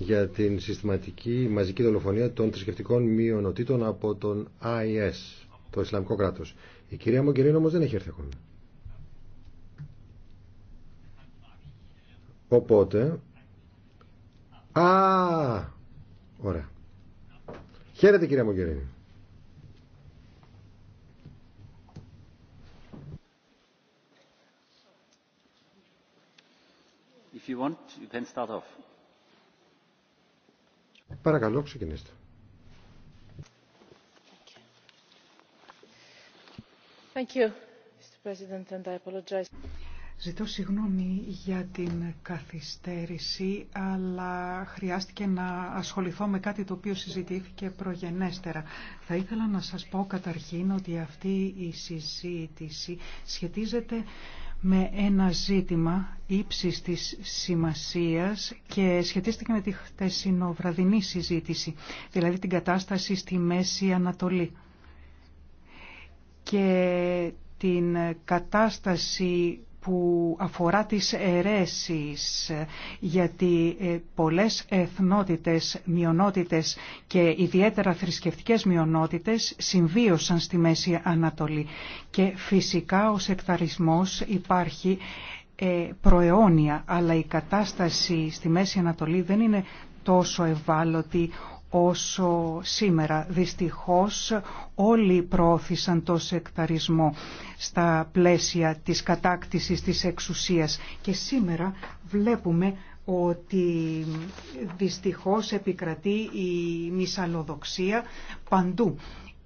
για την συστηματική μαζική δολοφονία των θρησκευτικών μειονοτήτων από τον IS, το Ισλαμικό κράτος. Η κυρία Μογκερίνη όμως δεν έχει έρθει ακόμα. Οπότε... Α, ωραία. Χαίρετε κυρία Μογκερίνη. If you want, you can start off. Παρακαλώ, ξεκινήστε. Ζητώ συγγνώμη για την καθυστέρηση, αλλά χρειάστηκε να ασχοληθώ με κάτι το οποίο συζητήθηκε προγενέστερα. Θα ήθελα να σας πω καταρχήν ότι αυτή η συζήτηση σχετίζεται με ένα ζήτημα ύψης της σημασίας και σχετίστηκε με τη χτεσινοβραδινή συζήτηση, δηλαδή την κατάσταση στη Μέση Ανατολή και την κατάσταση που αφορά τις αιρέσεις, γιατί ε, πολλές εθνότητες, μειονότητες και ιδιαίτερα θρησκευτικές μειονότητες συμβίωσαν στη Μέση Ανατολή. Και φυσικά ο σεκταρισμός υπάρχει ε, προαιώνια, αλλά η κατάσταση στη Μέση Ανατολή δεν είναι τόσο ευάλωτη όσο σήμερα. Δυστυχώς όλοι προώθησαν το σεκταρισμό στα πλαίσια της κατάκτησης της εξουσίας και σήμερα βλέπουμε ότι δυστυχώς επικρατεί η μυσαλλοδοξία παντού.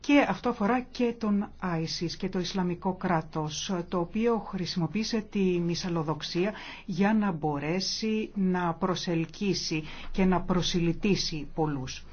Και αυτό αφορά και τον ISIS και το Ισλαμικό κράτος, το οποίο χρησιμοποίησε τη μυσαλλοδοξία για να μπορέσει να προσελκύσει και να προσιλητήσει πολλούς.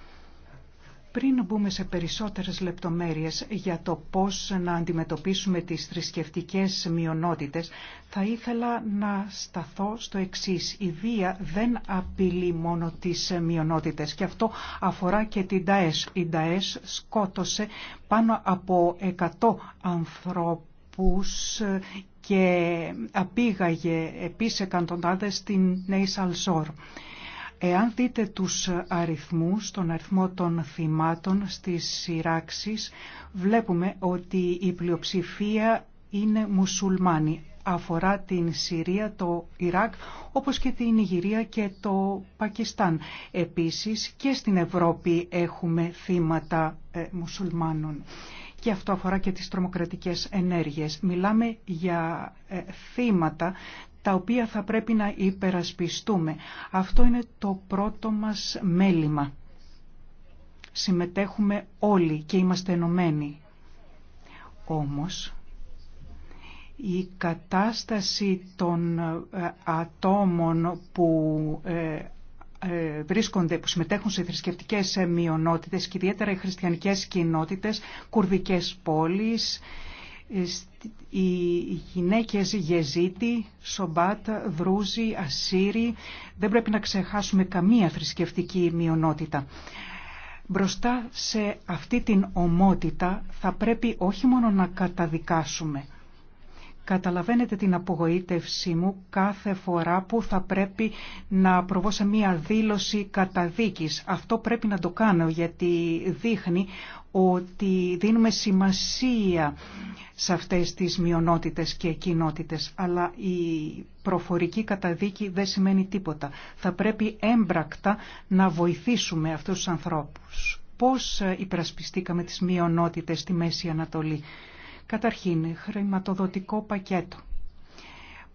Πριν μπούμε σε περισσότερες λεπτομέρειες για το πώς να αντιμετωπίσουμε τις θρησκευτικές μειονότητες, θα ήθελα να σταθώ στο εξής. Η βία δεν απειλεί μόνο τις μειονότητες και αυτό αφορά και την ΤΑΕΣ. Η ΤΑΕΣ σκότωσε πάνω από 100 ανθρώπους και απήγαγε επίσης εκατοντάδες την Νέη Σαλσόρ. Εάν δείτε τους αριθμούς, τον αριθμό των θυμάτων στις σειράξεις, βλέπουμε ότι η πλειοψηφία είναι μουσουλμάνοι. Αφορά την Συρία, το Ιράκ, όπως και την Ιγυρία και το Πακιστάν. Επίσης και στην Ευρώπη έχουμε θύματα ε, μουσουλμάνων. Και αυτό αφορά και τις τρομοκρατικές ενέργειες. Μιλάμε για ε, θύματα τα οποία θα πρέπει να υπερασπιστούμε. Αυτό είναι το πρώτο μας μέλημα. Συμμετέχουμε όλοι και είμαστε ενωμένοι. Όμως, η κατάσταση των ε, ατόμων που ε, ε, βρίσκονται, που συμμετέχουν σε θρησκευτικές μειονότητες και ιδιαίτερα οι χριστιανικές κοινότητες, κουρδικές πόλεις, οι γυναίκες Γεζίτη, Σομπάτ, Δρούζη, Ασσύριοι. Δεν πρέπει να ξεχάσουμε καμία θρησκευτική μειονότητα. Μπροστά σε αυτή την ομότητα θα πρέπει όχι μόνο να καταδικάσουμε. Καταλαβαίνετε την απογοήτευσή μου κάθε φορά που θα πρέπει να προβώ σε μία δήλωση καταδίκης. Αυτό πρέπει να το κάνω γιατί δείχνει ότι δίνουμε σημασία σε αυτές τις μειονότητες και κοινότητες, αλλά η προφορική καταδίκη δεν σημαίνει τίποτα. Θα πρέπει έμπρακτα να βοηθήσουμε αυτούς τους ανθρώπους. Πώς ε, υπερασπιστήκαμε τις μειονότητες στη Μέση Ανατολή. Καταρχήν, χρηματοδοτικό πακέτο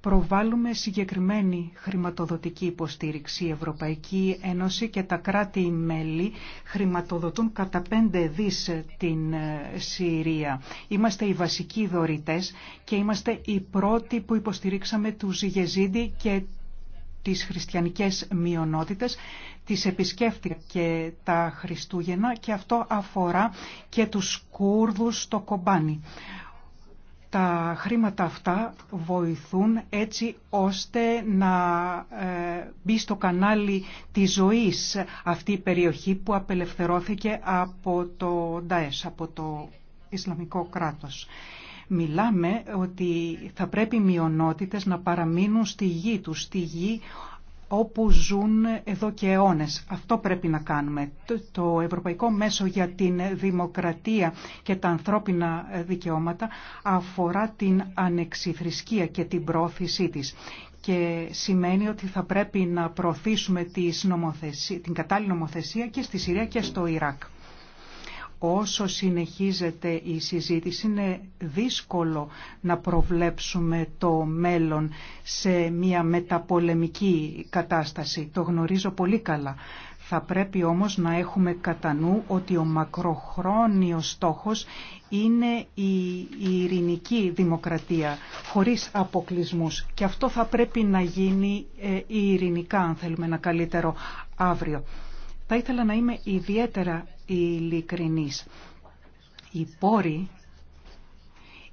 προβάλλουμε συγκεκριμένη χρηματοδοτική υποστήριξη. Η Ευρωπαϊκή Ένωση και τα κράτη-μέλη χρηματοδοτούν κατά πέντε δις την ε, Συρία. Είμαστε οι βασικοί δωρητές και είμαστε οι πρώτοι που υποστηρίξαμε τους Γεζίδη και τις χριστιανικές μειονότητες, τις επισκέφτηκα και τα Χριστούγεννα και αυτό αφορά και τους Κούρδους στο Κομπάνι. Τα χρήματα αυτά βοηθούν έτσι ώστε να ε, μπει στο κανάλι της ζωής αυτή η περιοχή που απελευθερώθηκε από το Νταές, από το Ισλαμικό κράτος. Μιλάμε ότι θα πρέπει οι να παραμείνουν στη γη τους, στη γη όπου ζουν εδώ και αιώνες. Αυτό πρέπει να κάνουμε. Το Ευρωπαϊκό Μέσο για την Δημοκρατία και τα ανθρώπινα δικαιώματα αφορά την ανεξιθρησκεία και την πρόθεσή της και σημαίνει ότι θα πρέπει να προωθήσουμε την κατάλληλη νομοθεσία και στη Συρία και στο Ιράκ όσο συνεχίζεται η συζήτηση είναι δύσκολο να προβλέψουμε το μέλλον σε μια μεταπολεμική κατάσταση. Το γνωρίζω πολύ καλά. Θα πρέπει όμως να έχουμε κατά νου ότι ο μακροχρόνιος στόχος είναι η ειρηνική δημοκρατία, χωρίς αποκλισμούς. Και αυτό θα πρέπει να γίνει ε, ειρηνικά, αν θέλουμε ένα καλύτερο αύριο. Θα ήθελα να είμαι ιδιαίτερα ειλικρινής. Οι πόροι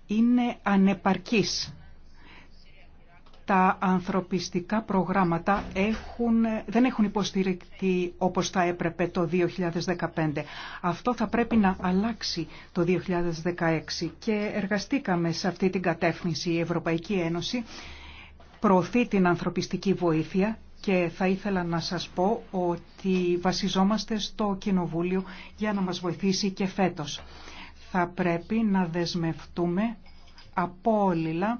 είναι ανεπαρκής. Τα ανθρωπιστικά προγράμματα έχουν, δεν έχουν υποστηριχθεί όπως θα έπρεπε το 2015. Αυτό θα πρέπει να αλλάξει το 2016 και εργαστήκαμε σε αυτή την κατεύθυνση η Ευρωπαϊκή Ένωση προωθεί την ανθρωπιστική βοήθεια και θα ήθελα να σας πω ότι βασιζόμαστε στο Κοινοβούλιο για να μας βοηθήσει και φέτος. Θα πρέπει να δεσμευτούμε απόλυλα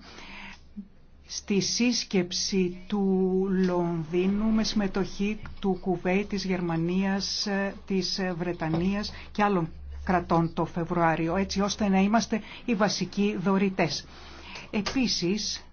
στη σύσκεψη του Λονδίνου με συμμετοχή του Κουβέι, της Γερμανίας, της Βρετανίας και άλλων κρατών το Φεβρουάριο, έτσι ώστε να είμαστε οι βασικοί δωρητές. Επίσης,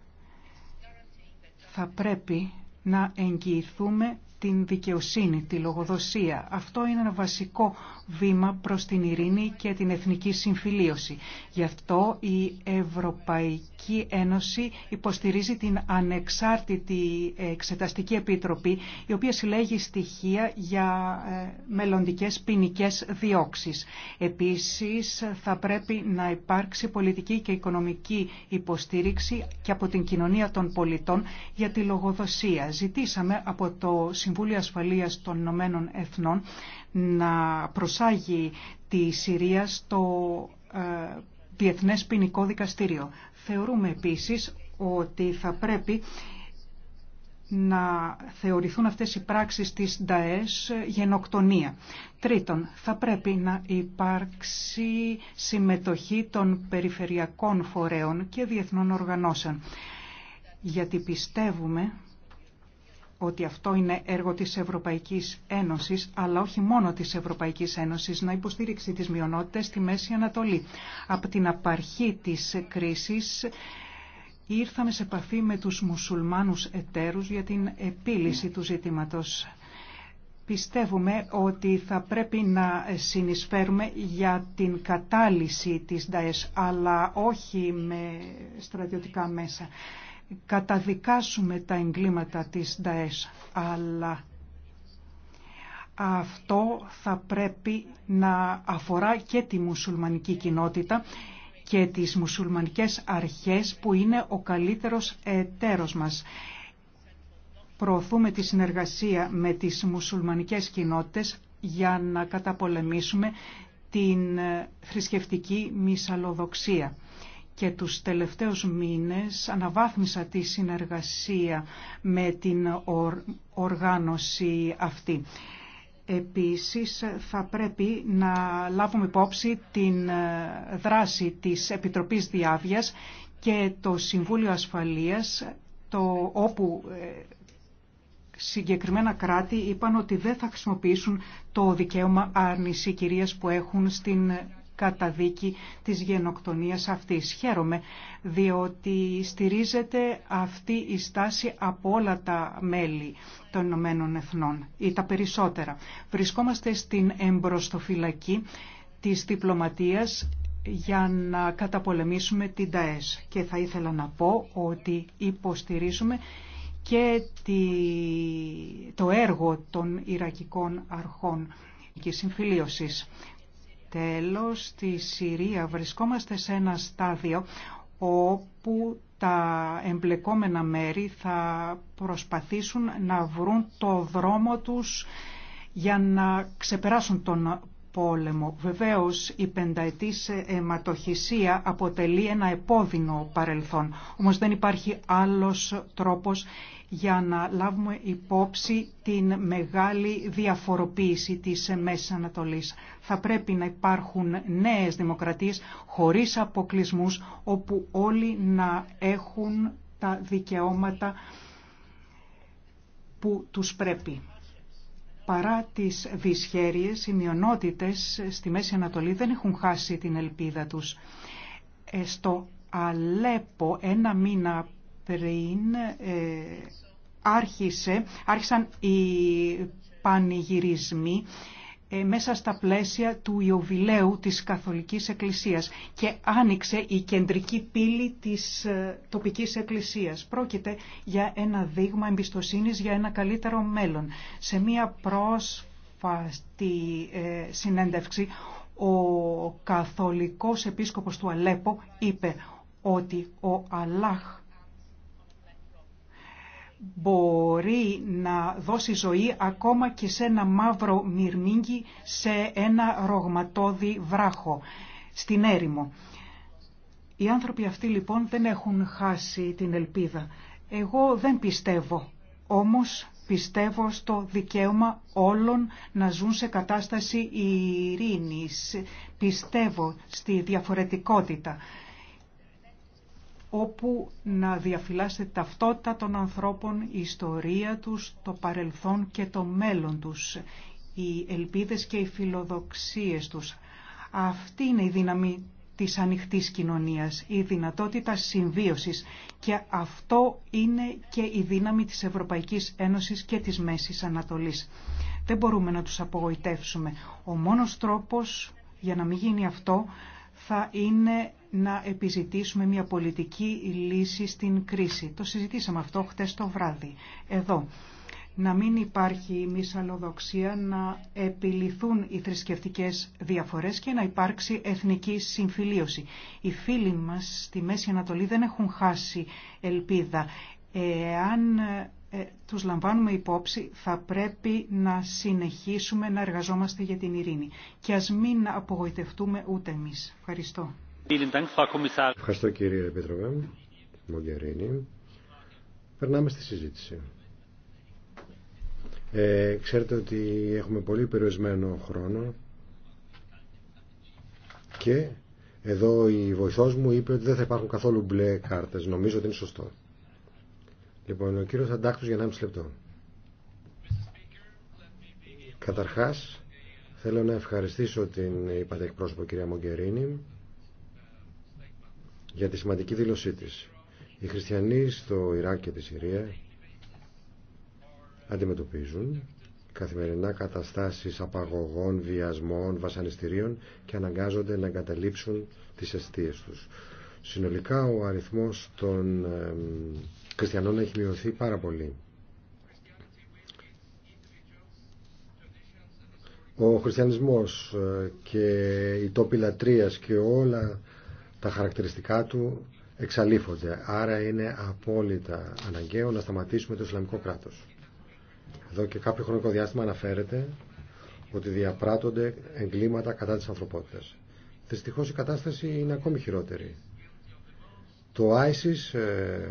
θα πρέπει να εγγυηθούμε την δικαιοσύνη, τη λογοδοσία. Αυτό είναι ένα βασικό βήμα προς την ειρήνη και την εθνική συμφιλίωση. Γι' αυτό η Ευρωπαϊκή Ένωση υποστηρίζει την ανεξάρτητη εξεταστική επιτροπή η οποία συλλέγει στοιχεία για ε, μελλοντικές ποινικέ διώξεις. Επίσης θα πρέπει να υπάρξει πολιτική και οικονομική υποστήριξη και από την κοινωνία των πολιτών για τη λογοδοσία. Ζητήσαμε από το Συμβούλιο Ασφαλείας των Ηνωμένων Εθνών να προσάγει τη Συρία στο ε, Διεθνές Ποινικό Δικαστήριο. Θεωρούμε επίσης ότι θα πρέπει να θεωρηθούν αυτές οι πράξεις της ΝΤΑΕΣ γενοκτονία. Τρίτον, θα πρέπει να υπάρξει συμμετοχή των περιφερειακών φορέων και διεθνών οργανώσεων, γιατί πιστεύουμε ότι αυτό είναι έργο της Ευρωπαϊκής Ένωσης, αλλά όχι μόνο της Ευρωπαϊκής Ένωσης, να υποστήριξει τις μειονότητες στη Μέση Ανατολή. Από την απαρχή της κρίσης ήρθαμε σε επαφή με τους μουσουλμάνους εταίρους για την επίλυση του ζητήματος. Πιστεύουμε ότι θα πρέπει να συνεισφέρουμε για την κατάλυση της ΔΑΕΣ, αλλά όχι με στρατιωτικά μέσα καταδικάσουμε τα εγκλήματα της ΝΤΑΕΣ, αλλά αυτό θα πρέπει να αφορά και τη μουσουλμανική κοινότητα και τις μουσουλμανικές αρχές που είναι ο καλύτερος εταίρος μας. Προωθούμε τη συνεργασία με τις μουσουλμανικές κοινότητες για να καταπολεμήσουμε την θρησκευτική μυσαλλοδοξία και τους τελευταίους μήνες αναβάθμισα τη συνεργασία με την οργάνωση αυτή. Επίσης θα πρέπει να λάβουμε υπόψη την ε, δράση της Επιτροπής Διάβιας και το Συμβούλιο Ασφαλείας το όπου ε, συγκεκριμένα κράτη είπαν ότι δεν θα χρησιμοποιήσουν το δικαίωμα άρνηση κυρίας που έχουν στην δίκη της γενοκτονίας αυτής. Χαίρομαι διότι στηρίζεται αυτή η στάση από όλα τα μέλη των Ηνωμένων Εθνών ή τα περισσότερα. Βρισκόμαστε στην εμπροστοφυλακή της διπλωματίας για να καταπολεμήσουμε την ΤΑΕΣ. Και θα ήθελα να πω ότι υποστηρίζουμε και το έργο των Ιρακικών Αρχών και Συμφιλίωσης. Τέλος, στη Συρία βρισκόμαστε σε ένα στάδιο όπου τα εμπλεκόμενα μέρη θα προσπαθήσουν να βρουν το δρόμο τους για να ξεπεράσουν τον πόλεμο. Βεβαίως η πενταετής αιματοχυσία αποτελεί ένα επώδυνο παρελθόν, όμως δεν υπάρχει άλλος τρόπος για να λάβουμε υπόψη την μεγάλη διαφοροποίηση της Μέσης Ανατολής θα πρέπει να υπάρχουν νέες δημοκρατίες χωρίς αποκλισμούς όπου όλοι να έχουν τα δικαιώματα που τους πρέπει. Παρά τις δυσχέρειες, οι μειονότητες στη Μέση Ανατολή δεν έχουν χάσει την ελπίδα τους. Ε, στο Αλέπο ένα μήνα πριν ε, άρχισε, άρχισαν οι πανηγυρισμοί ε, μέσα στα πλαίσια του ιοβιλέου της Καθολικής Εκκλησίας και άνοιξε η κεντρική πύλη της ε, τοπικής εκκλησίας. Πρόκειται για ένα δείγμα εμπιστοσύνης για ένα καλύτερο μέλλον. Σε μία πρόσφατη ε, συνέντευξη ο καθολικός επίσκοπος του Αλέπο είπε ότι ο Αλλάχ μπορεί να δώσει ζωή ακόμα και σε ένα μαύρο μυρμήγκι σε ένα ρογματόδι βράχο στην έρημο. Οι άνθρωποι αυτοί λοιπόν δεν έχουν χάσει την ελπίδα. Εγώ δεν πιστεύω, όμως πιστεύω στο δικαίωμα όλων να ζουν σε κατάσταση ειρήνης. Πιστεύω στη διαφορετικότητα όπου να διαφυλάσσεται ταυτότητα των ανθρώπων, η ιστορία τους, το παρελθόν και το μέλλον τους, οι ελπίδες και οι φιλοδοξίες τους. Αυτή είναι η δύναμη της ανοιχτής κοινωνίας, η δυνατότητα συμβίωσης και αυτό είναι και η δύναμη της Ευρωπαϊκής Ένωσης και της Μέσης Ανατολής. Δεν μπορούμε να τους απογοητεύσουμε. Ο μόνος τρόπος για να μην γίνει αυτό θα είναι να επιζητήσουμε μια πολιτική λύση στην κρίση. Το συζητήσαμε αυτό χτες το βράδυ. Εδώ να μην υπάρχει μισαλοδοξία, να επιληθούν οι θρησκευτικές διαφορές και να υπάρξει εθνική συμφιλίωση. Οι φίλοι μας στη Μέση Ανατολή δεν έχουν χάσει ελπίδα. Εάν ε, τους λαμβάνουμε υπόψη, θα πρέπει να συνεχίσουμε να εργαζόμαστε για την ειρήνη. Και ας μην απογοητευτούμε ούτε εμείς. Ευχαριστώ. Ευχαριστώ κύριε Επίτροπε Μογκερίνη. Περνάμε στη συζήτηση. Ε, ξέρετε ότι έχουμε πολύ περιορισμένο χρόνο και εδώ η βοηθός μου είπε ότι δεν θα υπάρχουν καθόλου μπλε κάρτες. Νομίζω ότι είναι σωστό. Λοιπόν, ο κύριος Αντάκτους για 1,5 λεπτό. Καταρχάς, θέλω να ευχαριστήσω την είπατε εκπρόσωπο κυρία Μογκερίνη για τη σημαντική δήλωσή της. Οι χριστιανοί στο Ιράκ και τη Συρία αντιμετωπίζουν καθημερινά καταστάσεις απαγωγών, βιασμών, βασανιστήριων και αναγκάζονται να εγκαταλείψουν τις αιστείες τους. Συνολικά ο αριθμός των χριστιανών έχει μειωθεί πάρα πολύ. Ο χριστιανισμός ε, και η τόπη λατρείας και όλα τα χαρακτηριστικά του εξαλείφονται. Άρα είναι απόλυτα αναγκαίο να σταματήσουμε το Ισλαμικό κράτος. Εδώ και κάποιο χρονικό διάστημα αναφέρεται ότι διαπράττονται εγκλήματα κατά της ανθρωπότητας. Δυστυχώ η κατάσταση είναι ακόμη χειρότερη. Το ISIS ε,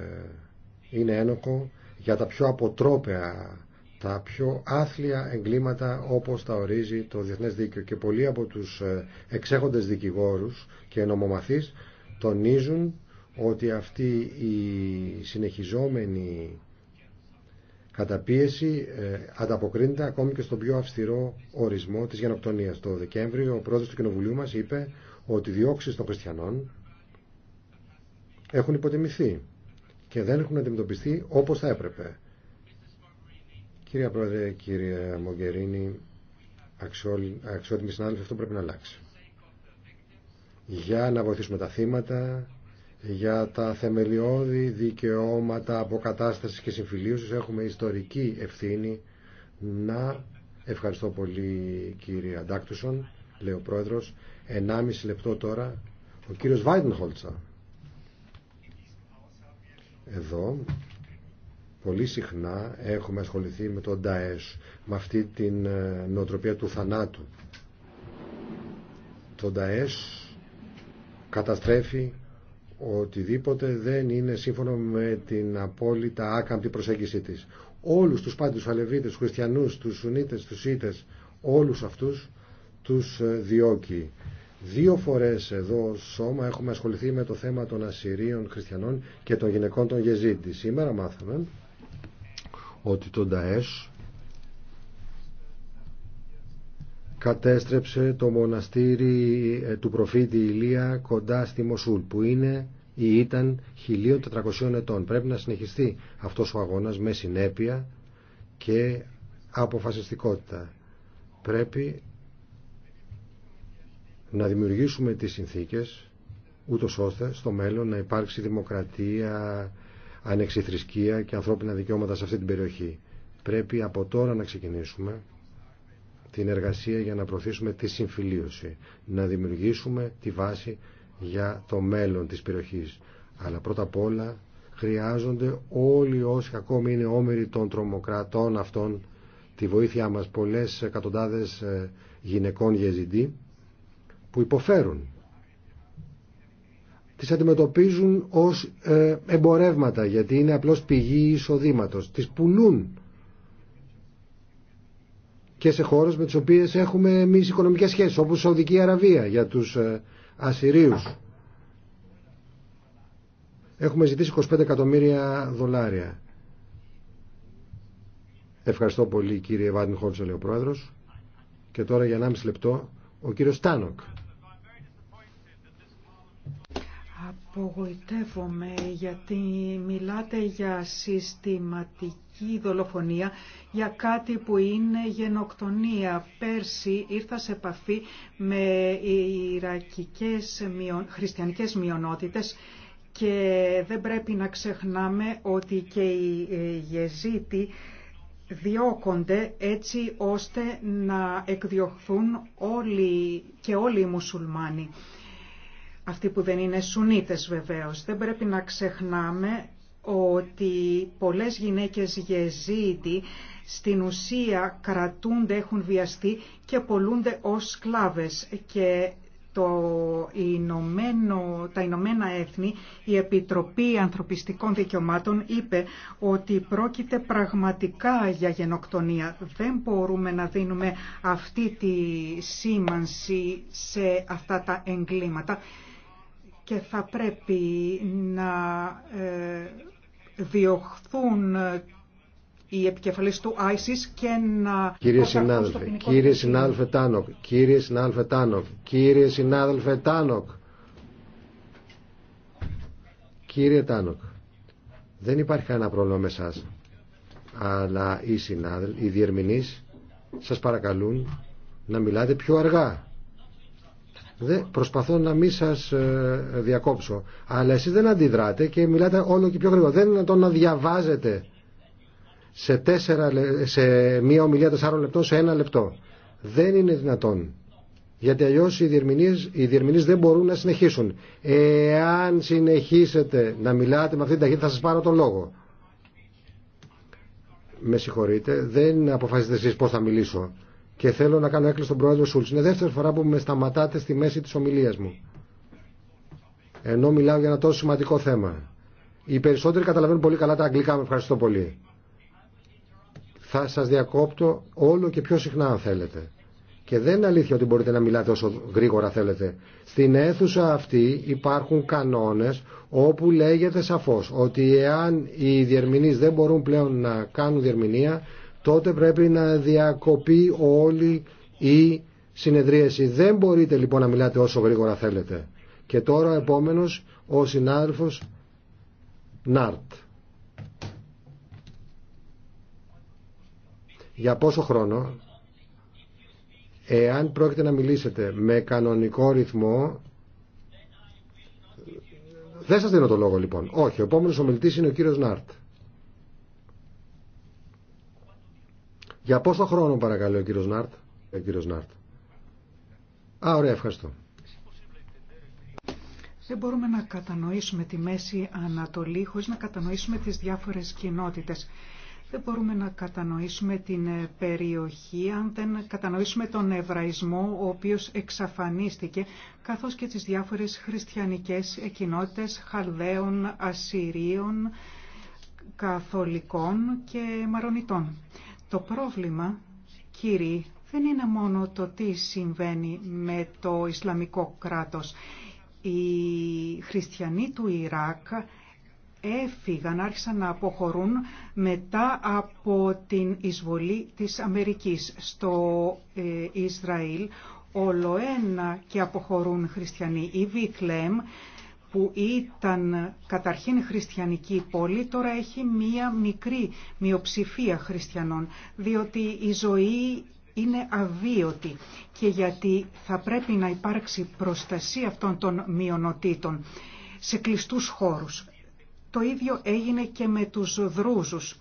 είναι ένοχο για τα πιο αποτρόπαια, τα πιο άθλια εγκλήματα όπως τα ορίζει το Διεθνές Δίκαιο και πολλοί από τους ε, εξέχοντες δικηγόρους και νομομαθείς τονίζουν ότι αυτή η συνεχιζόμενη καταπίεση ε, ανταποκρίνεται ακόμη και στον πιο αυστηρό ορισμό της γενοκτονίας. Το Δεκέμβριο ο πρόεδρος του Κοινοβουλίου μας είπε ότι οι διώξεις των χριστιανών έχουν υποτιμηθεί και δεν έχουν αντιμετωπιστεί όπως θα έπρεπε. Κυρία Πρόεδρε, κύριε Μογκερίνη, αξιότιμοι συνάδελφοι, αυτό πρέπει να αλλάξει. Για να βοηθήσουμε τα θύματα, για τα θεμελιώδη δικαιώματα αποκατάστασης και συμφιλίωσης έχουμε ιστορική ευθύνη να ευχαριστώ πολύ κύριε Αντάκτουσον, λέει ο πρόεδρος, 1,5 λεπτό τώρα, ο κύριος Βάιντενχολτσα. Εδώ πολύ συχνά έχουμε ασχοληθεί με τον ΝΤΑΕΣ, με αυτή την ε, νοοτροπία του θανάτου. Το ΝΤΑΕΣ καταστρέφει οτιδήποτε δεν είναι σύμφωνο με την απόλυτα άκαμπτη προσέγγιση της. Όλους τους πάντους, τους Αλεβίτες, τους Χριστιανούς, τους Σουνίτες, τους Σίτες, όλους αυτούς τους ε, διώκει. Δύο φορές εδώ σώμα έχουμε ασχοληθεί με το θέμα των ασυρίων χριστιανών και των γυναικών των Γεζίτη. Σήμερα μάθαμε ότι τον Νταέσ κατέστρεψε το μοναστήρι ε, του προφήτη Ηλία κοντά στη Μοσούλ που είναι ή ήταν 1400 ετών. Πρέπει να συνεχιστεί αυτός ο αγώνας με συνέπεια και αποφασιστικότητα. Πρέπει να δημιουργήσουμε τις συνθήκες ούτως ώστε στο μέλλον να υπάρξει δημοκρατία, ανεξιθρησκεία και ανθρώπινα δικαιώματα σε αυτή την περιοχή. Πρέπει από τώρα να ξεκινήσουμε την εργασία για να προωθήσουμε τη συμφιλίωση, να δημιουργήσουμε τη βάση για το μέλλον της περιοχής. Αλλά πρώτα απ' όλα χρειάζονται όλοι όσοι ακόμη είναι όμοιροι των τρομοκρατών αυτών τη βοήθειά μας. Πολλές εκατοντάδες ε, γυναικών γεζιντή που υποφέρουν. Τις αντιμετωπίζουν ως ε, εμπορεύματα γιατί είναι απλώς πηγή εισοδήματος. Τις πουλούν και σε χώρες με τις οποίες έχουμε εμείς οικονομικές σχέσεις όπως η Σαουδική Αραβία για τους ε, Ασυρίους. Έχουμε ζητήσει 25 εκατομμύρια δολάρια. Ευχαριστώ πολύ κύριε Βάντιν Χόλτσο, ο Πρόεδρος. Και τώρα για 1,5 λεπτό ο κύριος Τάνοκ. Απογοητεύομαι γιατί μιλάτε για συστηματική δολοφονία, για κάτι που είναι γενοκτονία. Πέρσι ήρθα σε επαφή με ιρακικές χριστιανικές μειονότητες και δεν πρέπει να ξεχνάμε ότι και οι ε, γεζίτη διώκονται έτσι ώστε να εκδιωχθούν όλοι και όλοι οι μουσουλμάνοι. Αυτοί που δεν είναι Σουνίτες βεβαίως. Δεν πρέπει να ξεχνάμε ότι πολλές γυναίκες γεζίτη στην ουσία κρατούνται, έχουν βιαστεί και πολλούνται ως σκλάβες και το Ηνωμένο, τα Ηνωμένα Έθνη, η Επιτροπή Ανθρωπιστικών Δικαιωμάτων είπε ότι πρόκειται πραγματικά για γενοκτονία. Δεν μπορούμε να δίνουμε αυτή τη σήμανση σε αυτά τα εγκλήματα και θα πρέπει να ε, διωχθούν ε, οι επικεφαλής του ISIS και να... Κύριε συνάδελφε, κύριε συνάδελφε Τάνοκ, κύριε συνάδελφε Τάνοκ, κύριε συνάδελφε Τάνοκ, κύριε Τάνοκ, δεν υπάρχει κανένα πρόβλημα με εσάς, αλλά οι συνάδελφοι, οι διερμηνείς σας παρακαλούν να μιλάτε πιο αργά προσπαθώ να μην σας ε, διακόψω. Αλλά εσεί δεν αντιδράτε και μιλάτε όλο και πιο γρήγορα. Δεν είναι το να διαβάζετε σε, τέσσερα, σε μία ομιλία τεσσάρων λεπτών σε ένα λεπτό. Δεν είναι δυνατόν. Γιατί αλλιώ οι διερμηνείς, οι διερμηνείς δεν μπορούν να συνεχίσουν. Εάν συνεχίσετε να μιλάτε με αυτήν την ταχύτητα θα σας πάρω τον λόγο. Με συγχωρείτε, δεν αποφασίζετε εσεί πώ θα μιλήσω. Και θέλω να κάνω έκκληση στον πρόεδρο Σούλτ. Είναι δεύτερη φορά που με σταματάτε στη μέση τη ομιλία μου. Ενώ μιλάω για ένα τόσο σημαντικό θέμα. Οι περισσότεροι καταλαβαίνουν πολύ καλά τα αγγλικά. Με ευχαριστώ πολύ. Θα σα διακόπτω όλο και πιο συχνά αν θέλετε. Και δεν είναι αλήθεια ότι μπορείτε να μιλάτε όσο γρήγορα θέλετε. Στην αίθουσα αυτή υπάρχουν κανόνε όπου λέγεται σαφώ ότι εάν οι διερμηνείς δεν μπορούν πλέον να κάνουν διερμηνία τότε πρέπει να διακοπεί όλη η συνεδρίαση. Δεν μπορείτε λοιπόν να μιλάτε όσο γρήγορα θέλετε. Και τώρα επόμενος ο συνάδελφος Νάρτ. Για πόσο χρόνο, εάν πρόκειται να μιλήσετε με κανονικό ρυθμό, δεν σας δίνω το λόγο λοιπόν. Όχι, ο επόμενος ομιλητής είναι ο κύριος Νάρτ. Για πόσο χρόνο παρακαλώ ο ε, κύριος Νάρτ. Α, ωραία, ευχαριστώ. Δεν μπορούμε να κατανοήσουμε τη Μέση Ανατολή χωρίς να κατανοήσουμε τις διάφορες κοινότητες. Δεν μπορούμε να κατανοήσουμε την ε, περιοχή αν δεν κατανοήσουμε τον Εβραϊσμό ο οποίος εξαφανίστηκε καθώς και τις διάφορες χριστιανικές ε, κοινότητες Χαλδαίων, Ασυρίων, Καθολικών και Μαρονιτών. Το πρόβλημα, κύριοι, δεν είναι μόνο το τι συμβαίνει με το Ισλαμικό κράτος. Οι χριστιανοί του Ιράκ έφυγαν, άρχισαν να αποχωρούν μετά από την εισβολή της Αμερικής στο ε, Ισραήλ. Όλο ένα και αποχωρούν χριστιανοί. Η Βικλέμ που ήταν καταρχήν χριστιανική πόλη, τώρα έχει μία μικρή μειοψηφία χριστιανών, διότι η ζωή είναι αβίωτη και γιατί θα πρέπει να υπάρξει προστασία αυτών των μειονοτήτων σε κλειστούς χώρους. Το ίδιο έγινε και με τους Δρούζους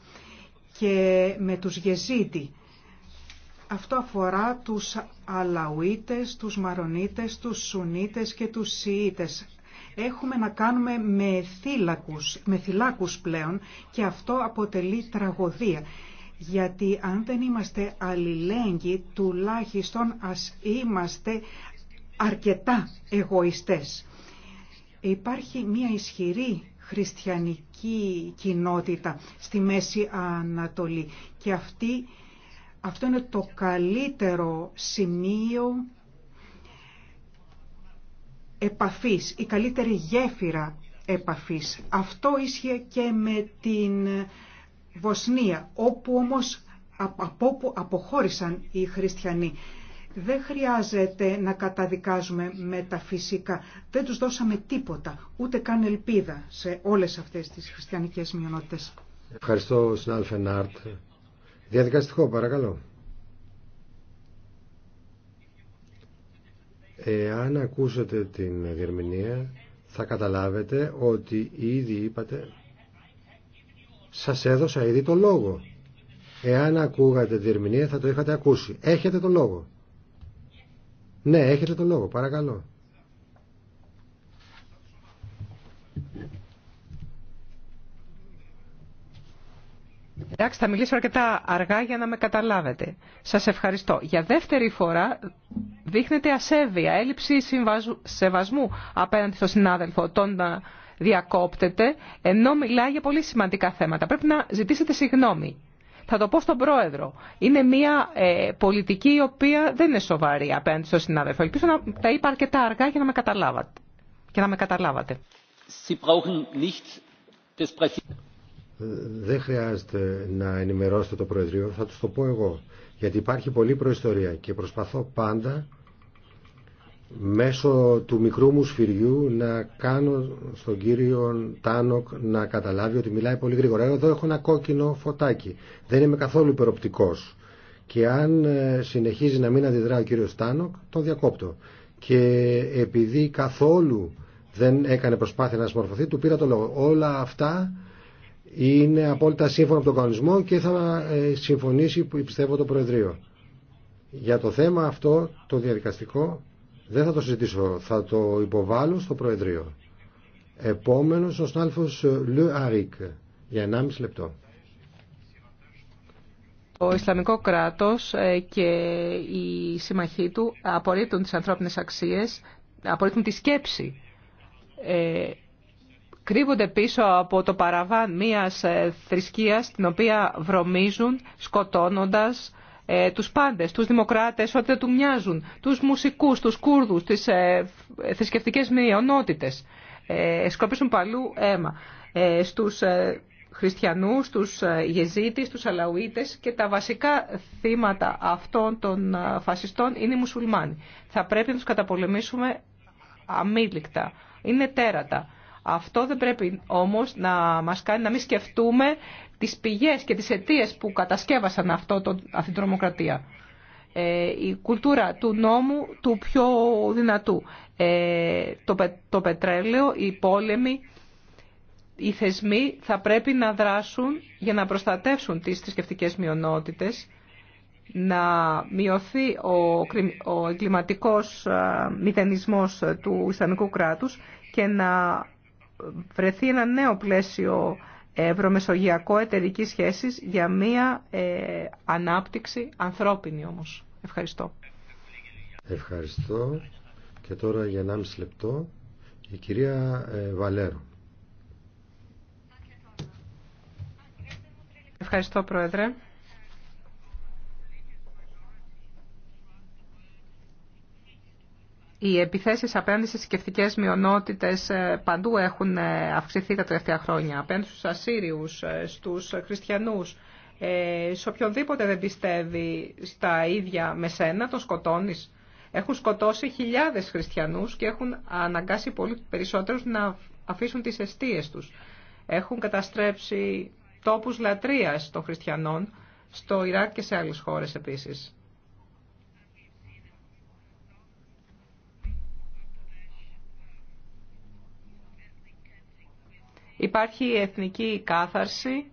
και με τους Γεζίτη. Αυτό αφορά τους Αλαουίτες, τους Μαρονίτες, τους Σουνίτες και τους Σιήτες. Έχουμε να κάνουμε με θύλακους, με πλέον και αυτό αποτελεί τραγωδία. Γιατί αν δεν είμαστε αλληλέγγυοι, τουλάχιστον ας είμαστε αρκετά εγωιστές. Υπάρχει μια ισχυρή χριστιανική κοινότητα στη Μέση Ανατολή και αυτή, αυτό είναι το καλύτερο σημείο επαφής, η καλύτερη γέφυρα επαφής. Αυτό ίσχυε και με την Βοσνία, όπου όμως από όπου αποχώρησαν οι χριστιανοί. Δεν χρειάζεται να καταδικάζουμε με τα φυσικά. Δεν τους δώσαμε τίποτα, ούτε καν ελπίδα σε όλες αυτές τις χριστιανικές μειονότητες. Ευχαριστώ, συνάδελφε Νάρτ. Διαδικαστικό, παρακαλώ. Εάν ακούσετε την διερμηνία θα καταλάβετε ότι ήδη είπατε σας έδωσα ήδη το λόγο. Εάν ακούγατε τη διερμηνία θα το είχατε ακούσει. Έχετε το λόγο. Ναι, έχετε το λόγο, παρακαλώ. Εντάξει, θα μιλήσω αρκετά αργά για να με καταλάβετε. Σας ευχαριστώ. Για δεύτερη φορά δείχνεται ασέβεια, έλλειψη σεβασμού απέναντι στον συνάδελφο. Τον διακόπτεται, ενώ μιλάει για πολύ σημαντικά θέματα. Πρέπει να ζητήσετε συγγνώμη. Θα το πω στον πρόεδρο. Είναι μια ε, πολιτική η οποία δεν είναι σοβαρή απέναντι στον συνάδελφο. Ελπίζω να τα είπα αρκετά αργά για να με καταλάβατε. Και να με καταλάβατε δεν χρειάζεται να ενημερώσετε το Προεδρείο, θα τους το πω εγώ. Γιατί υπάρχει πολλή προϊστορία και προσπαθώ πάντα μέσω του μικρού μου σφυριού να κάνω στον κύριο Τάνοκ να καταλάβει ότι μιλάει πολύ γρήγορα. Εδώ έχω ένα κόκκινο φωτάκι. Δεν είμαι καθόλου υπεροπτικός. Και αν ε, συνεχίζει να μην αντιδρά ο κύριος Τάνοκ, τον διακόπτω. Και επειδή καθόλου δεν έκανε προσπάθεια να συμμορφωθεί, του πήρα το λόγο. Όλα αυτά είναι απόλυτα σύμφωνο με τον κανονισμό και θα ε, συμφωνήσει που πιστεύω το Προεδρείο. Για το θέμα αυτό, το διαδικαστικό, δεν θα το συζητήσω, θα το υποβάλω στο Προεδρείο. Επόμενος ο Σνάλφο Λου Αρίκ, για 1,5 λεπτό. Ο Ισλαμικό κράτος ε, και η συμμαχοί του απορρίπτουν τις ανθρώπινες αξίες, απορρίπτουν τη σκέψη ε, κρύβονται πίσω από το παραβάν μιας ε, θρησκείας την οποία βρωμίζουν σκοτώνοντας ε, τους πάντες, τους δημοκράτες, ό,τι δεν του μοιάζουν, τους μουσικούς, τους Κούρδους, τις ε, θρησκευτικές μειονότητες. Ε, σκοπίσουν παλού αίμα ε, στους ε, χριστιανούς, τους γεζίτες, τους αλαουίτες και τα βασικά θύματα αυτών των φασιστών είναι οι μουσουλμάνοι. Θα πρέπει να τους καταπολεμήσουμε αμήλικτα. Είναι τέρατα. Αυτό δεν πρέπει όμως να μας κάνει να μην σκεφτούμε τις πηγές και τις αιτίες που κατασκεύασαν αυτό, το, αυτή την τρομοκρατία. Ε, η κουλτούρα του νόμου του πιο δυνατού. Ε, το, το πετρέλαιο, οι πόλεμοι, οι θεσμοί θα πρέπει να δράσουν για να προστατεύσουν τις θρησκευτικέ μειονότητες, να μειωθεί ο, ο εγκληματικός μηδενισμός του Ισλαμικού κράτους και να βρεθεί ένα νέο πλαίσιο ευρωμεσογειακό εταιρική σχέσης για μία ε, ανάπτυξη ανθρώπινη όμως. Ευχαριστώ. Ευχαριστώ. Και τώρα για 1,5 λεπτό η κυρία ε, Βαλέρο. Ευχαριστώ Πρόεδρε. Οι επιθέσεις απέναντι στι σκεφτικές μειονότητες ε, παντού έχουν ε, αυξηθεί τα τελευταία χρόνια. Απέναντι στους Ασσύριους, ε, στους Χριστιανούς, σε οποιονδήποτε δεν πιστεύει στα ίδια με σένα, τον σκοτώνεις. Έχουν σκοτώσει χιλιάδες χριστιανούς και έχουν αναγκάσει πολύ περισσότερους να αφήσουν τις αιστείες τους. Έχουν καταστρέψει τόπους λατρείας των χριστιανών στο Ιράκ και σε άλλες χώρες επίσης. Υπάρχει εθνική κάθαρση,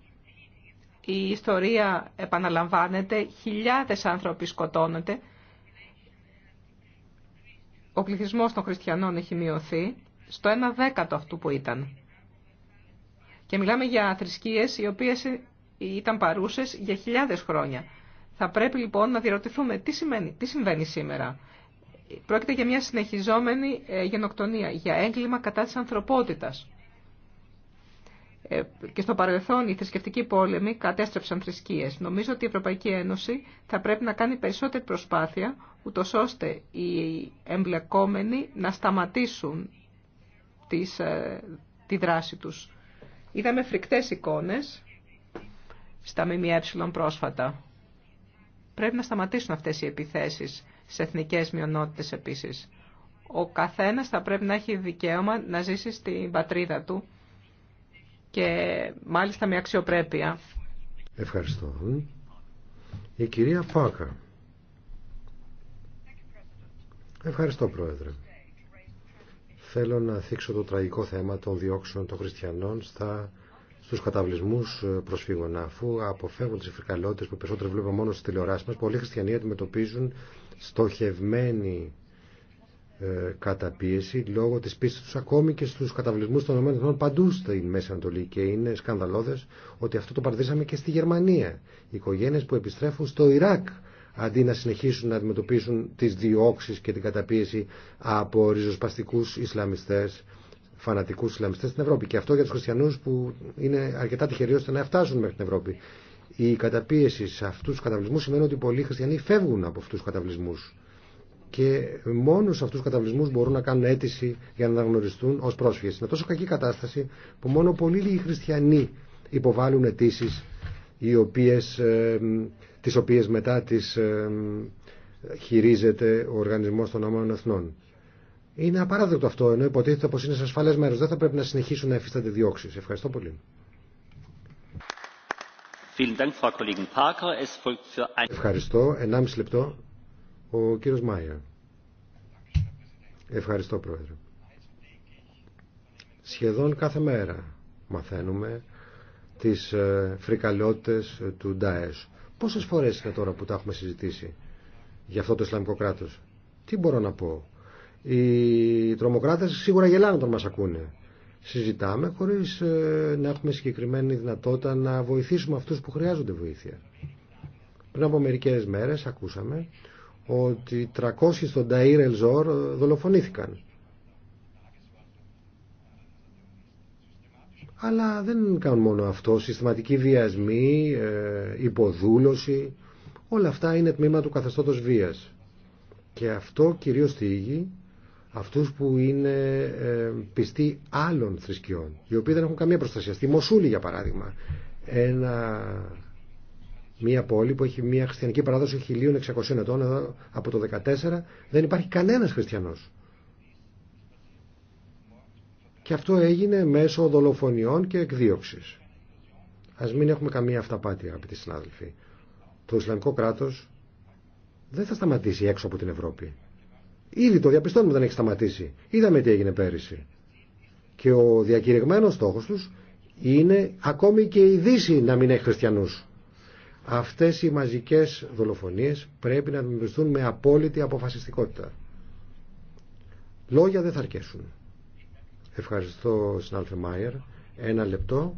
η ιστορία επαναλαμβάνεται, χιλιάδες άνθρωποι σκοτώνονται, ο πληθυσμός των χριστιανών έχει μειωθεί στο ένα δέκατο αυτού που ήταν. Και μιλάμε για θρησκείες οι οποίες ήταν παρούσες για χιλιάδες χρόνια. Θα πρέπει λοιπόν να διερωτηθούμε τι, σημαίνει, τι συμβαίνει σήμερα. Πρόκειται για μια συνεχιζόμενη ε, γενοκτονία, για έγκλημα κατά της ανθρωπότητας. Ε, και στο παρελθόν οι θρησκευτικοί πόλεμοι κατέστρεψαν θρησκείες. Νομίζω ότι η Ευρωπαϊκή Ένωση θα πρέπει να κάνει περισσότερη προσπάθεια, ούτως ώστε οι εμπλεκόμενοι να σταματήσουν τις, ε, τη δράση τους. Είδαμε φρικτές εικόνες στα ΜΜΕ πρόσφατα. Πρέπει να σταματήσουν αυτές οι επιθέσεις σε εθνικές μειονότητες επίσης. Ο καθένας θα πρέπει να έχει δικαίωμα να ζήσει στην πατρίδα του και μάλιστα με αξιοπρέπεια. Ευχαριστώ. Η κυρία Πάκα. Ευχαριστώ Πρόεδρε. Θέλω να θίξω το τραγικό θέμα των διώξεων των χριστιανών στα, στους καταβλισμούς προσφύγων. Αφού αποφεύγουν τις εφρικαλότητες που περισσότερο βλέπουμε μόνο στις τηλεοράσεις μας, πολλοί χριστιανοί αντιμετωπίζουν στοχευμένη ε, καταπίεση λόγω της πίστης τους ακόμη και στους καταβλισμούς των ΗΠΑ παντού στην Μέση Ανατολή και είναι σκανδαλώδες ότι αυτό το παραδείσαμε και στη Γερμανία. Οι οικογένειες που επιστρέφουν στο Ιράκ αντί να συνεχίσουν να αντιμετωπίσουν τις διώξεις και την καταπίεση από ριζοσπαστικούς Ισλαμιστές φανατικούς Ισλαμιστές στην Ευρώπη. Και αυτό για τους χριστιανούς που είναι αρκετά τυχεροί ώστε να φτάσουν μέχρι την Ευρώπη. Η καταπίεση σε αυτού του καταβλισμού σημαίνει ότι πολλοί χριστιανοί φεύγουν από αυτού του καταβλισμού και μόνο σε αυτού του καταβλισμού μπορούν να κάνουν αίτηση για να αναγνωριστούν ω πρόσφυγε. Είναι τόσο κακή κατάσταση που μόνο πολύ λίγοι χριστιανοί υποβάλλουν αιτήσει οι οποίες, ε, τις οποίες μετά τις ε, χειρίζεται ο Οργανισμός των Αμών Εθνών. Είναι απαράδεκτο αυτό, ενώ υποτίθεται πως είναι σε ασφαλές μέρος. Δεν θα πρέπει να συνεχίσουν να εφίστανται διώξεις. Ευχαριστώ πολύ. Ευχαριστώ. ενάμιση λεπτό. Ο κύριος Μάια. Ευχαριστώ πρόεδρε. Σχεδόν κάθε μέρα μαθαίνουμε τις ε, φρικαλιότητες του Ντάες. Πόσες φορές είναι τώρα που τα έχουμε συζητήσει για αυτό το Ισλαμικό κράτος. Τι μπορώ να πω. Οι τρομοκράτες σίγουρα γελάνε όταν μας ακούνε. Συζητάμε χωρίς ε, να έχουμε συγκεκριμένη δυνατότητα να βοηθήσουμε αυτούς που χρειάζονται βοήθεια. Πριν από μερικές μέρες ακούσαμε ότι 300 στον Ταΐρ Ελζόρ δολοφονήθηκαν. Αλλά δεν κάνουν μόνο αυτό. Συστηματική βιασμή, ε, υποδούλωση, όλα αυτά είναι τμήμα του καθεστώτος βίας. Και αυτό κυρίως θίγει αυτούς που είναι ε, πιστοί άλλων θρησκειών, οι οποίοι δεν έχουν καμία προστασία. Στη Μοσούλη, για παράδειγμα, ένα Μία πόλη που έχει μια χριστιανική παράδοση 1600 ετών από το 14 δεν υπάρχει κανένας χριστιανός. Και αυτό έγινε μέσω δολοφονιών και εκδίωξης. Ας μην έχουμε καμία αυταπάτη αγαπητοί συνάδελφοι. Το Ισλαμικό κράτος δεν θα σταματήσει έξω από την Ευρώπη. Ήδη το διαπιστώνουμε δεν έχει σταματήσει. Είδαμε τι έγινε πέρυσι. Και ο διακηρυγμένος στόχος τους είναι ακόμη και η Δύση να μην έχει χριστιανούς. Αυτές οι μαζικές δολοφονίες πρέπει να αντιμετωπιστούν με απόλυτη αποφασιστικότητα. Λόγια δεν θα αρκέσουν. Ευχαριστώ, Σνάλφε Μάιερ. Ένα λεπτό.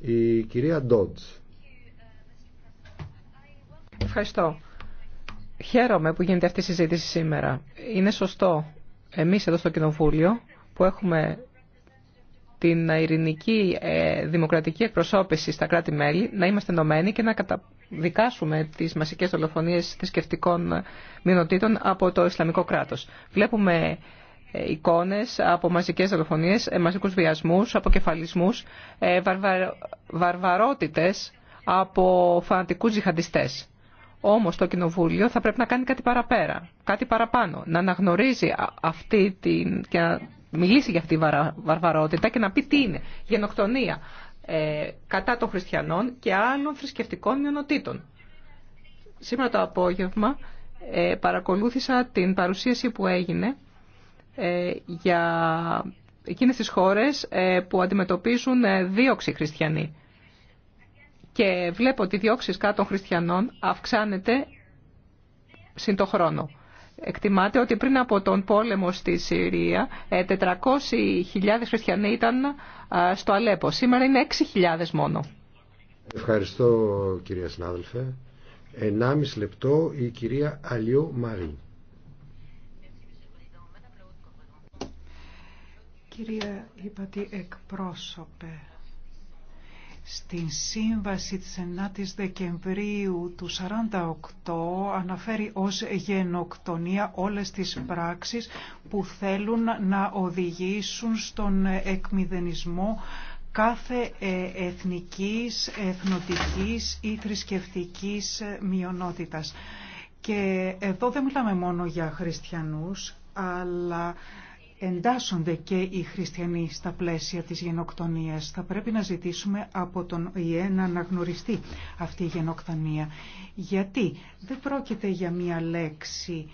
Η κυρία Ντότζ. Ευχαριστώ. Χαίρομαι που γίνεται αυτή η συζήτηση σήμερα. Είναι σωστό εμείς εδώ στο Κοινοβούλιο που έχουμε την ειρηνική ε, δημοκρατική εκπροσώπηση στα κράτη-μέλη να είμαστε ενωμένοι και να κατα δικάσουμε τις μασικές δολοφονίε θρησκευτικών μειονοτήτων από το Ισλαμικό κράτος. Βλέπουμε ε, εικόνες από μαζικές δολοφονίε, ε, μαζικούς βιασμού, αποκεφαλισμού, κεφαλισμούς, ε, βαρβαρότητες από φανατικού ζυχαντιστέ. Όμως το Κοινοβούλιο θα πρέπει να κάνει κάτι παραπέρα, κάτι παραπάνω, να αναγνωρίζει αυτή την, και να μιλήσει για αυτή τη βαρβαρότητα και να πει τι είναι, γενοκτονία, ε, κατά των χριστιανών και άλλων θρησκευτικών μειονοτήτων. Σήμερα το απόγευμα ε, παρακολούθησα την παρουσίαση που έγινε ε, για εκείνες τις χώρες που αντιμετωπίζουν δίωξη χριστιανοί. Και βλέπω ότι οι διώξεις κάτω των χριστιανών αυξάνεται συν το χρόνο. Εκτιμάται ότι πριν από τον πόλεμο στη Συρία 400.000 ε, χριστιανοί ήταν στο Αλέπο. Σήμερα είναι 6.000 μόνο. Ευχαριστώ κυρία συνάδελφε. 1,5 λεπτό η κυρία Αλιού Μαρή. Κυρία Υπατή εκπρόσωπε, στην σύμβαση της 9ης Δεκεμβρίου του 48 αναφέρει ως γενοκτονία όλες τις πράξεις που θέλουν να οδηγήσουν στον εκμηδενισμό κάθε ε, εθνικής, εθνοτικής ή θρησκευτικής ε, μειονότητας. Και εδώ δεν μιλάμε μόνο για χριστιανούς, αλλά εντάσσονται και οι χριστιανοί στα πλαίσια της γενοκτονίας. Θα πρέπει να ζητήσουμε από τον ΙΕ να αναγνωριστεί αυτή η γενοκτονία. Γιατί δεν πρόκειται για μία λέξη.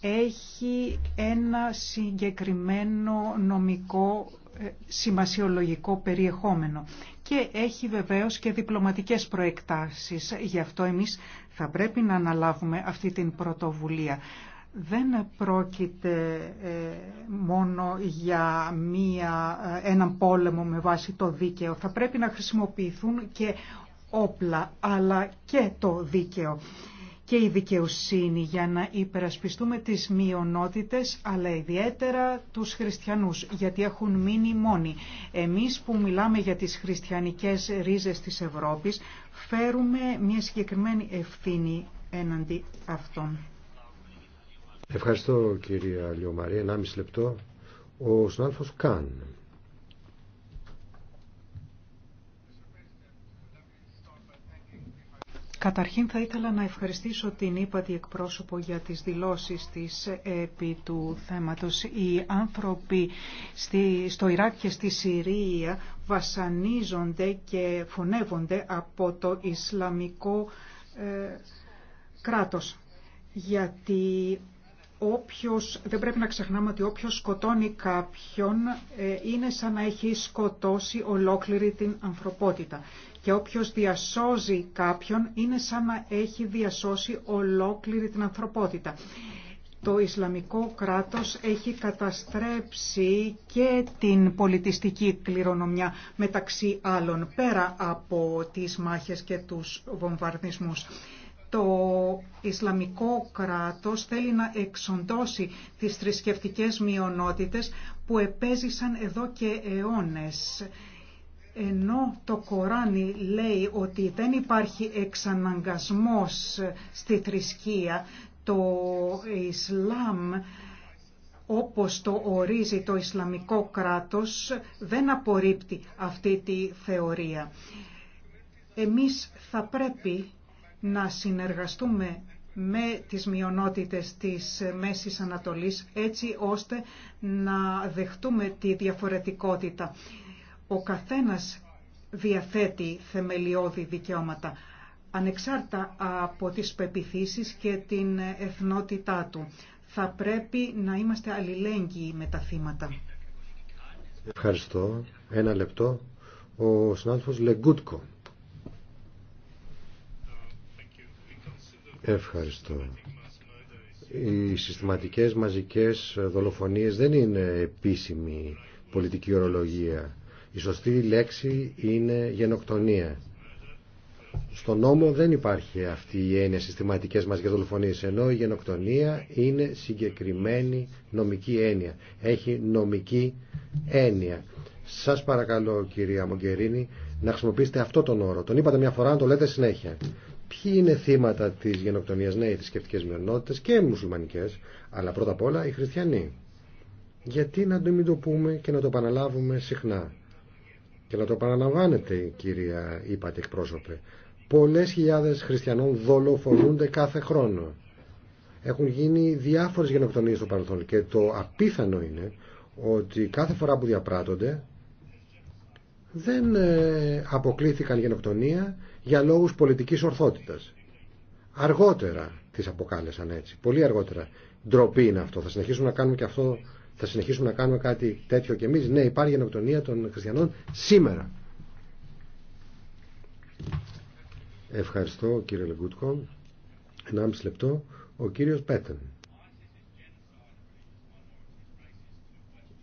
Έχει ένα συγκεκριμένο νομικό ε, σημασιολογικό περιεχόμενο και έχει βεβαίως και διπλωματικές προεκτάσεις. Γι' αυτό εμείς θα πρέπει να αναλάβουμε αυτή την πρωτοβουλία δεν πρόκειται ε, μόνο για μία, ε, έναν πόλεμο με βάση το δίκαιο. Θα πρέπει να χρησιμοποιηθούν και όπλα, αλλά και το δίκαιο και η δικαιοσύνη για να υπερασπιστούμε τις μειονότητες, αλλά ιδιαίτερα τους χριστιανούς, γιατί έχουν μείνει μόνοι. Εμείς που μιλάμε για τις χριστιανικές ρίζες της Ευρώπης, φέρουμε μια συγκεκριμένη ευθύνη έναντι αυτών. Ευχαριστώ κυρία Λιωμαρία. μισή λεπτό. Ο συνάδελφος Καν. Καταρχήν θα ήθελα να ευχαριστήσω την ύπατη εκπρόσωπο για τις δηλώσεις της επί του θέματος. Οι άνθρωποι στη, στο Ιράκ και στη Συρία βασανίζονται και φωνεύονται από το Ισλαμικό ε, κράτος. Γιατί όποιος, δεν πρέπει να ξεχνάμε ότι όποιος σκοτώνει κάποιον ε, είναι σαν να έχει σκοτώσει ολόκληρη την ανθρωπότητα. Και όποιος διασώζει κάποιον είναι σαν να έχει διασώσει ολόκληρη την ανθρωπότητα. Το Ισλαμικό κράτος έχει καταστρέψει και την πολιτιστική κληρονομιά μεταξύ άλλων, πέρα από τις μάχες και τους βομβαρδισμούς το Ισλαμικό κράτος θέλει να εξοντώσει τις θρησκευτικέ μειονότητες που επέζησαν εδώ και αιώνες. Ενώ το Κοράνι λέει ότι δεν υπάρχει εξαναγκασμός στη θρησκεία, το Ισλάμ όπως το ορίζει το Ισλαμικό κράτος δεν απορρίπτει αυτή τη θεωρία. Εμείς θα πρέπει να συνεργαστούμε με τις μειονότητες της Μέσης Ανατολής έτσι ώστε να δεχτούμε τη διαφορετικότητα. Ο καθένας διαθέτει θεμελιώδη δικαιώματα ανεξάρτητα από τις πεπιθήσεις και την εθνότητά του. Θα πρέπει να είμαστε αλληλέγγυοι με τα θύματα. Ευχαριστώ. Ένα λεπτό. Ο συνάδελφος Λεγκούτκο. Ευχαριστώ. Οι συστηματικές μαζικές δολοφονίες δεν είναι επίσημη πολιτική ορολογία. Η σωστή λέξη είναι γενοκτονία. Στο νόμο δεν υπάρχει αυτή η έννοια συστηματικές μαζικές δολοφονίες, ενώ η γενοκτονία είναι συγκεκριμένη νομική έννοια. Έχει νομική έννοια. Σας παρακαλώ κυρία Μογκερίνη να χρησιμοποιήσετε αυτό τον όρο. Τον είπατε μια φορά να το λέτε συνέχεια ποιοι είναι θύματα τη γενοκτονία ναι, οι θρησκευτικέ μειονότητε και οι μουσουλμανικές, αλλά πρώτα απ' όλα οι χριστιανοί. Γιατί να το μην το πούμε και να το επαναλάβουμε συχνά. Και να το επαναλαμβάνετε, κυρία, είπατε εκπρόσωπε. πολλέ χιλιάδε χριστιανών δολοφονούνται κάθε χρόνο. Έχουν γίνει διάφορε γενοκτονίε στο παρελθόν και το απίθανο είναι ότι κάθε φορά που διαπράττονται δεν ε, αποκλήθηκαν γενοκτονία για λόγους πολιτικής ορθότητας. Αργότερα τις αποκάλεσαν έτσι, πολύ αργότερα. Ντροπή είναι αυτό. Θα συνεχίσουμε να κάνουμε και αυτό, θα συνεχίσουμε να κάνουμε κάτι τέτοιο κι εμείς. Ναι, υπάρχει γενοκτονία των χριστιανών σήμερα. Ευχαριστώ κύριε Λεγκούτκο. μισή λεπτό. Ο κύριος Πέτεν.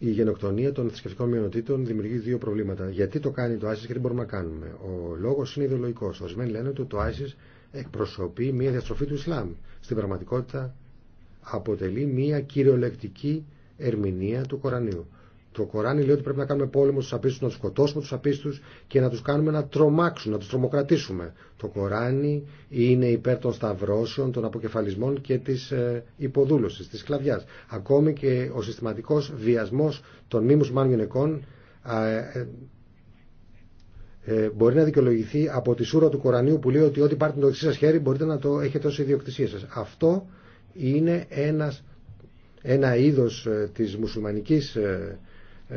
Η γενοκτονία των θρησκευτικών μειονοτήτων δημιουργεί δύο προβλήματα. Γιατί το κάνει το ISIS και τι μπορούμε να κάνουμε. Ο λόγο είναι ιδεολογικό. Ορισμένοι λένε ότι το ISIS εκπροσωπεί μια διαστροφή του Ισλάμ. Στην πραγματικότητα αποτελεί μια κυριολεκτική ερμηνεία του Κορανίου. Το Κοράνι λέει ότι πρέπει να κάνουμε πόλεμο στους απίστους, να τους σκοτώσουμε τους απίστους και να τους κάνουμε να τρομάξουν, να τους τρομοκρατήσουμε. Το Κοράνι είναι υπέρ των σταυρώσεων, των αποκεφαλισμών και της ε, υποδούλωσης, της σκλαβιάς. Ακόμη και ο συστηματικός βιασμός των μη μουσουλμάνων γυναικών ε, ε, μπορεί να δικαιολογηθεί από τη σούρα του Κορανίου που λέει ότι ό,τι πάρετε το δεξί σας χέρι μπορείτε να το έχετε ως ιδιοκτησία σας. Αυτό είναι ένας, ένα είδος της μουσουλμανικής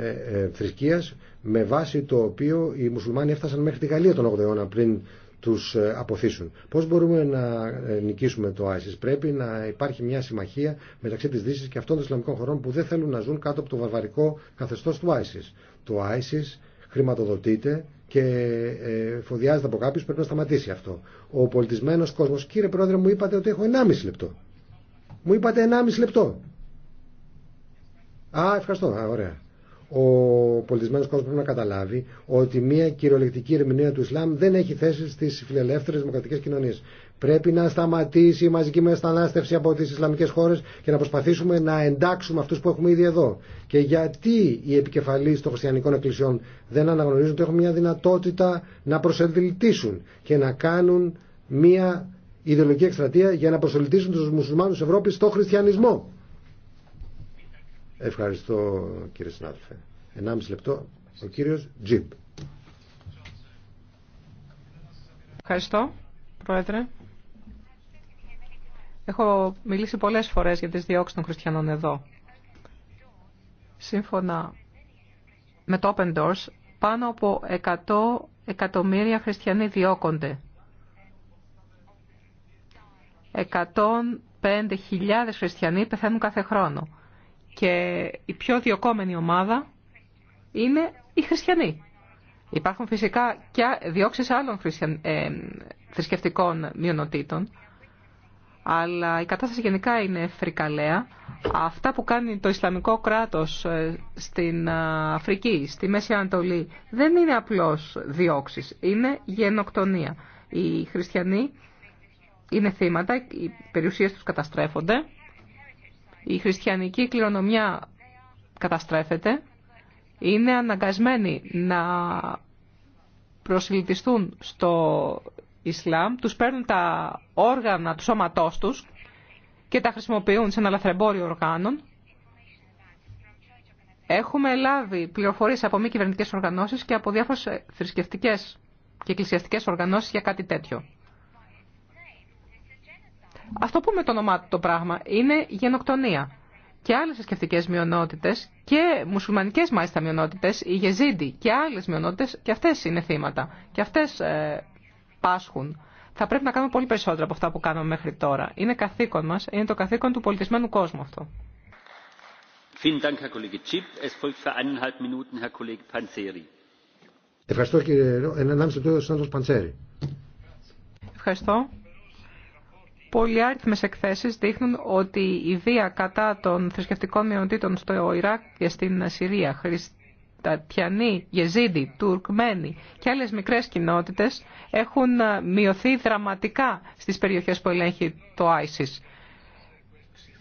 ε, ε, θρησκείας με βάση το οποίο οι μουσουλμάνοι έφτασαν μέχρι τη Γαλλία τον 8ο αιώνα πριν τους ε, αποθήσουν. Πώς μπορούμε να νικήσουμε το ISIS. Πρέπει να υπάρχει μια συμμαχία μεταξύ της Δύσης και αυτών των Ισλαμικών χωρών που δεν θέλουν να ζουν κάτω από το βαρβαρικό καθεστώς του ISIS. Το ISIS χρηματοδοτείται και φοδιάζεται από κάποιους πρέπει να σταματήσει αυτό. Ο πολιτισμένος κόσμος, κύριε πρόεδρε μου είπατε ότι έχω 1,5 λεπτό. Μου είπατε 1,5 λεπτό. Α, ευχαριστώ. Α, ωραία ο πολιτισμένο κόσμο πρέπει να καταλάβει ότι μια κυριολεκτική ερμηνεία του Ισλάμ δεν έχει θέση στι φιλελεύθερε δημοκρατικέ κοινωνίε. Πρέπει να σταματήσει η μαζική μετανάστευση από τι Ισλαμικές χώρε και να προσπαθήσουμε να εντάξουμε αυτού που έχουμε ήδη εδώ. Και γιατί οι επικεφαλεί των χριστιανικών εκκλησιών δεν αναγνωρίζουν ότι έχουν μια δυνατότητα να προσελκύσουν και να κάνουν μια ιδεολογική εκστρατεία για να προσελκύσουν του μουσουλμάνου Ευρώπη στο χριστιανισμό. Ευχαριστώ κύριε συνάδελφε. Ενάμιση λεπτό ο κύριος Τζιμπ. Ευχαριστώ, Πρόεδρε. Έχω μιλήσει πολλές φορές για τις διώξεις των χριστιανών εδώ. Σύμφωνα με το Open Doors, πάνω από 100 εκατομμύρια χριστιανοί διώκονται. 105.000 χριστιανοί πεθαίνουν κάθε χρόνο και η πιο διωκόμενη ομάδα είναι οι χριστιανοί. Υπάρχουν φυσικά και διώξεις άλλων ε, θρησκευτικών μειονοτήτων, αλλά η κατάσταση γενικά είναι φρικαλέα. Αυτά που κάνει το Ισλαμικό κράτος ε, στην ε, Αφρική, στη Μέση Ανατολή, δεν είναι απλώς διώξεις, είναι γενοκτονία. Οι χριστιανοί είναι θύματα, οι περιουσίες τους καταστρέφονται η χριστιανική κληρονομιά καταστρέφεται, είναι αναγκασμένοι να προσυλλητιστούν στο Ισλάμ, τους παίρνουν τα όργανα του σώματός τους και τα χρησιμοποιούν σε ένα λαθρεμπόριο οργάνων. Έχουμε λάβει πληροφορίες από μη κυβερνητικές οργανώσεις και από διάφορες θρησκευτικές και εκκλησιαστικές οργανώσεις για κάτι τέτοιο. Αυτό που με το όνομά του το πράγμα. Είναι γενοκτονία. Και άλλες θρησκευτικέ μειονότητες και μουσουλμανικές μάλιστα μειονότητες, οι γεζίντι και άλλες μειονότητες και αυτές είναι θύματα. Και αυτές ε, πάσχουν. Θα πρέπει να κάνουμε πολύ περισσότερα από αυτά που κάναμε μέχρι τώρα. Είναι καθήκον μας, είναι το καθήκον του πολιτισμένου κόσμου αυτό. Ευχαριστώ κύριε Ενάμιση του Σάντρος Παντσέρη. Ευχαριστώ. Πολυάριθμες εκθέσεις δείχνουν ότι η βία κατά των θρησκευτικών μειονοτήτων στο Ιράκ και στην Συρία, Χριστιανοί, γεζίδι, Τουρκμένοι και άλλες μικρές κοινότητες έχουν μειωθεί δραματικά στις περιοχές που ελέγχει το ISIS.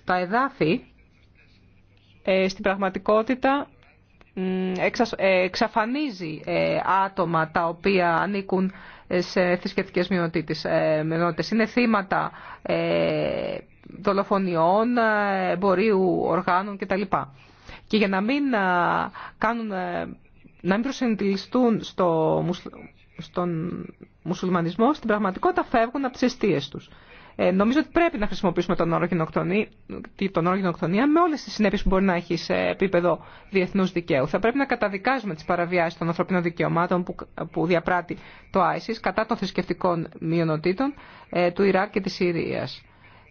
Τα εδάφη ε, στην πραγματικότητα ε, εξαφανίζει ε, άτομα τα οποία ανήκουν σε θρησκευτικέ μειονότητε. Ε, Είναι θύματα ε, δολοφονιών, ε, εμπορίου οργάνων κτλ. Και για να μην κάνουν να μην στο στον μουσουλμανισμό, στην πραγματικότητα φεύγουν από τις αιστείες τους. Ε, νομίζω ότι πρέπει να χρησιμοποιήσουμε τον όρο, τον όρο γενοκτονία με όλες τις συνέπειες που μπορεί να έχει σε επίπεδο διεθνούς δικαίου. Θα πρέπει να καταδικάζουμε τις παραβιάσεις των ανθρωπίνων δικαιωμάτων που, που διαπράττει το ISIS κατά των θρησκευτικών μειονοτήτων ε, του Ιράκ και της Συρίας.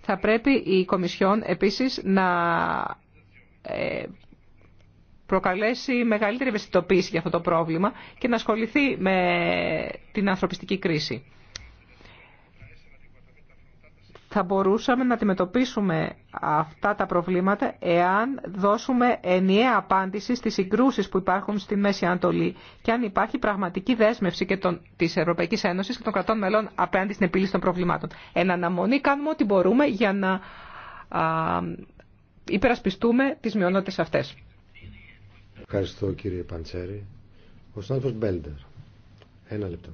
Θα πρέπει η Κομισιόν επίσης να ε, προκαλέσει μεγαλύτερη ευαισθητοποίηση για αυτό το πρόβλημα και να ασχοληθεί με την ανθρωπιστική κρίση θα μπορούσαμε να αντιμετωπίσουμε αυτά τα προβλήματα εάν δώσουμε ενιαία απάντηση στις συγκρούσεις που υπάρχουν στη Μέση Ανατολή και αν υπάρχει πραγματική δέσμευση και των, της Ευρωπαϊκής Ένωσης και των κρατών μελών απέναντι στην επίλυση των προβλημάτων. Εν αναμονή κάνουμε ό,τι μπορούμε για να α, υπερασπιστούμε τις μειονότητες αυτές. Ένα λεπτό.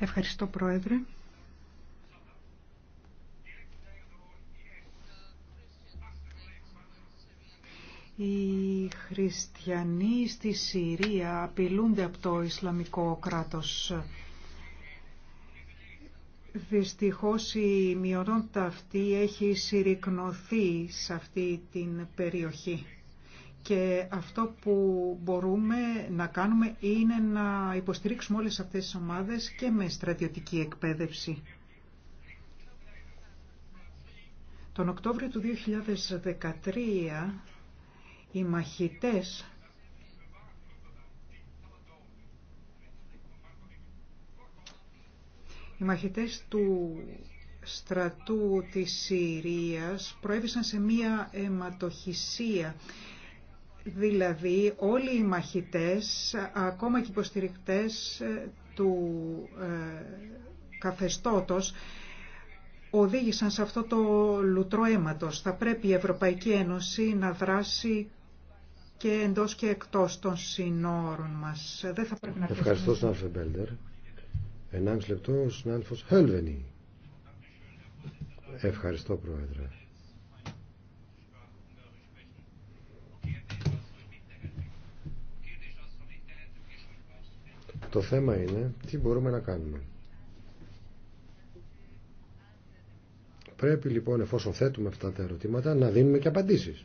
Ευχαριστώ Πρόεδρε. Οι χριστιανοί στη Συρία απειλούνται από το Ισλαμικό κράτος. Δυστυχώς η μειονότητα αυτή έχει συρρυκνωθεί σε αυτή την περιοχή. Και αυτό που μπορούμε να κάνουμε είναι να υποστηρίξουμε όλες αυτές τις ομάδες και με στρατιωτική εκπαίδευση. Τον Οκτώβριο του 2013 οι μαχητές οι μαχητές του στρατού της Συρίας προέβησαν σε μία αιματοχυσία δηλαδή όλοι οι μαχητές, ακόμα και οι υποστηρικτές ε, του ε, καθεστώτος, οδήγησαν σε αυτό το λουτρό αίματος. Θα πρέπει η Ευρωπαϊκή Ένωση να δράσει και εντός και εκτός των συνόρων μας. Δεν θα πρέπει να Ευχαριστώ, Σνάλφε Μπέλντερ. Ενάμιση λεπτό, Ευχαριστώ, Πρόεδρε. Το θέμα είναι τι μπορούμε να κάνουμε. Πρέπει λοιπόν εφόσον θέτουμε αυτά τα ερωτήματα να δίνουμε και απαντήσεις.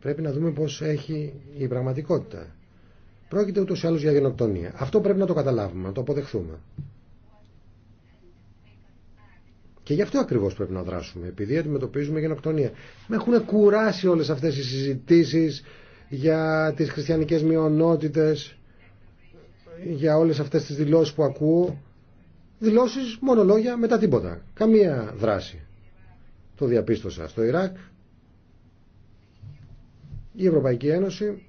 Πρέπει να δούμε πώς έχει η πραγματικότητα. Πρόκειται ούτως ή άλλως για γενοκτονία. Αυτό πρέπει να το καταλάβουμε, να το αποδεχθούμε. Και γι' αυτό ακριβώς πρέπει να δράσουμε, επειδή αντιμετωπίζουμε γενοκτονία. Με έχουν κουράσει όλες αυτές οι συζητήσεις για τις χριστιανικές μειονότητες για όλες αυτές τις δηλώσεις που ακούω. Δηλώσεις, μόνο λόγια, μετά τίποτα. Καμία δράση. Το διαπίστωσα στο Ιράκ. Η Ευρωπαϊκή Ένωση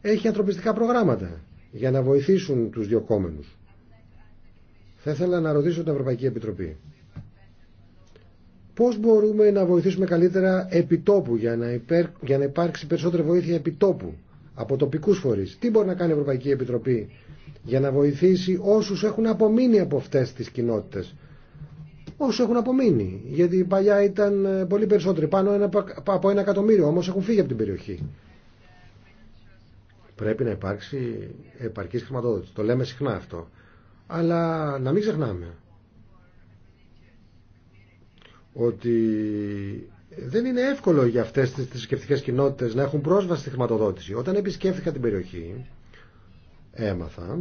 έχει ανθρωπιστικά προγράμματα για να βοηθήσουν τους διοκόμενους. Θα ήθελα να ρωτήσω την Ευρωπαϊκή Επιτροπή. Πώς μπορούμε να βοηθήσουμε καλύτερα επιτόπου για να, για να υπάρξει περισσότερη βοήθεια επιτόπου από τοπικούς φορείς. Τι μπορεί να κάνει η Ευρωπαϊκή Επιτροπή για να βοηθήσει όσους έχουν απομείνει από αυτές τις κοινότητες. Όσους έχουν απομείνει, γιατί παλιά ήταν ε, πολύ περισσότεροι, πάνω από ένα εκατομμύριο, όμως έχουν φύγει από την περιοχή. Πρέπει να υπάρξει επαρκής χρηματοδότηση, το λέμε συχνά αυτό. Αλλά να μην ξεχνάμε ότι δεν είναι εύκολο για αυτές τις θρησκευτικέ κοινότητες να έχουν πρόσβαση στη χρηματοδότηση. Όταν επισκέφθηκα την περιοχή, έμαθα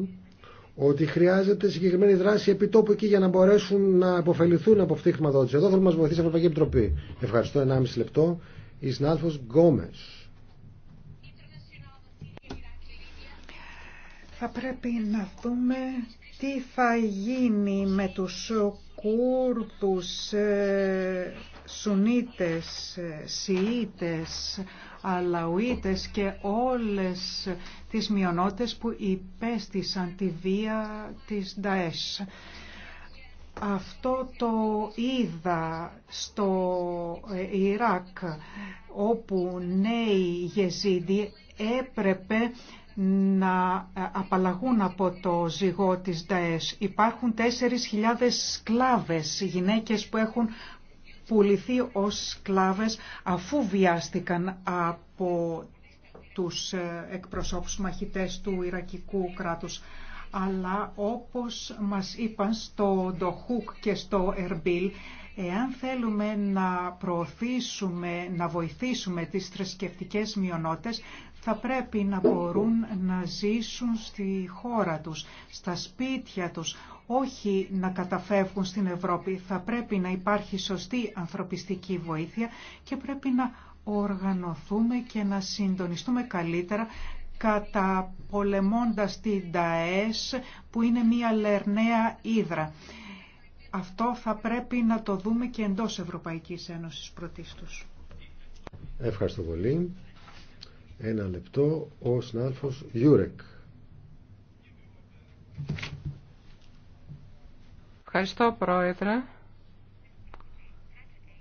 ότι χρειάζεται συγκεκριμένη δράση επιτόπου εκεί για να μπορέσουν να αποφεληθούν από αυτή τη χρηματοδότηση. Εδώ θέλουμε να μα βοηθήσει η Ευρωπαϊκή Επιτροπή. Ευχαριστώ. 1,5 λεπτό. Η συνάδελφο Γκόμε. Θα πρέπει να δούμε τι θα γίνει με τους Κούρδους ε, Σουνίτες, Σιήτες, Αλαουίτες και όλες τις μειονότητες που υπέστησαν τη βία της Νταές. Αυτό το είδα στο ε, Ιράκ όπου νέοι γεζίδι έπρεπε να ε, απαλλαγούν από το ζυγό της ΔΑΕΣ. Υπάρχουν 4.000 σκλάβες, γυναίκες που έχουν πουληθεί ως σκλάβες αφού βιάστηκαν από τους ε, εκπροσώπους μαχητές του Ιρακικού κράτους. Αλλά όπως μας είπαν στο Ντοχούκ και στο Ερμπίλ, εάν θέλουμε να προωθήσουμε, να βοηθήσουμε τις θρησκευτικές μειονότητες, θα πρέπει να μπορούν να ζήσουν στη χώρα τους, στα σπίτια τους, όχι να καταφεύγουν στην Ευρώπη. Θα πρέπει να υπάρχει σωστή ανθρωπιστική βοήθεια και πρέπει να οργανωθούμε και να συντονιστούμε καλύτερα καταπολεμώντας την ΤΑΕΣ που είναι μια λερναία ύδρα. Αυτό θα πρέπει να το δούμε και εντός Ευρωπαϊκής Ένωσης πρωτίστως. Ευχαριστώ πολύ. Ένα λεπτό, ο συνάδελφος Γιούρεκ. Ευχαριστώ, Πρόεδρε.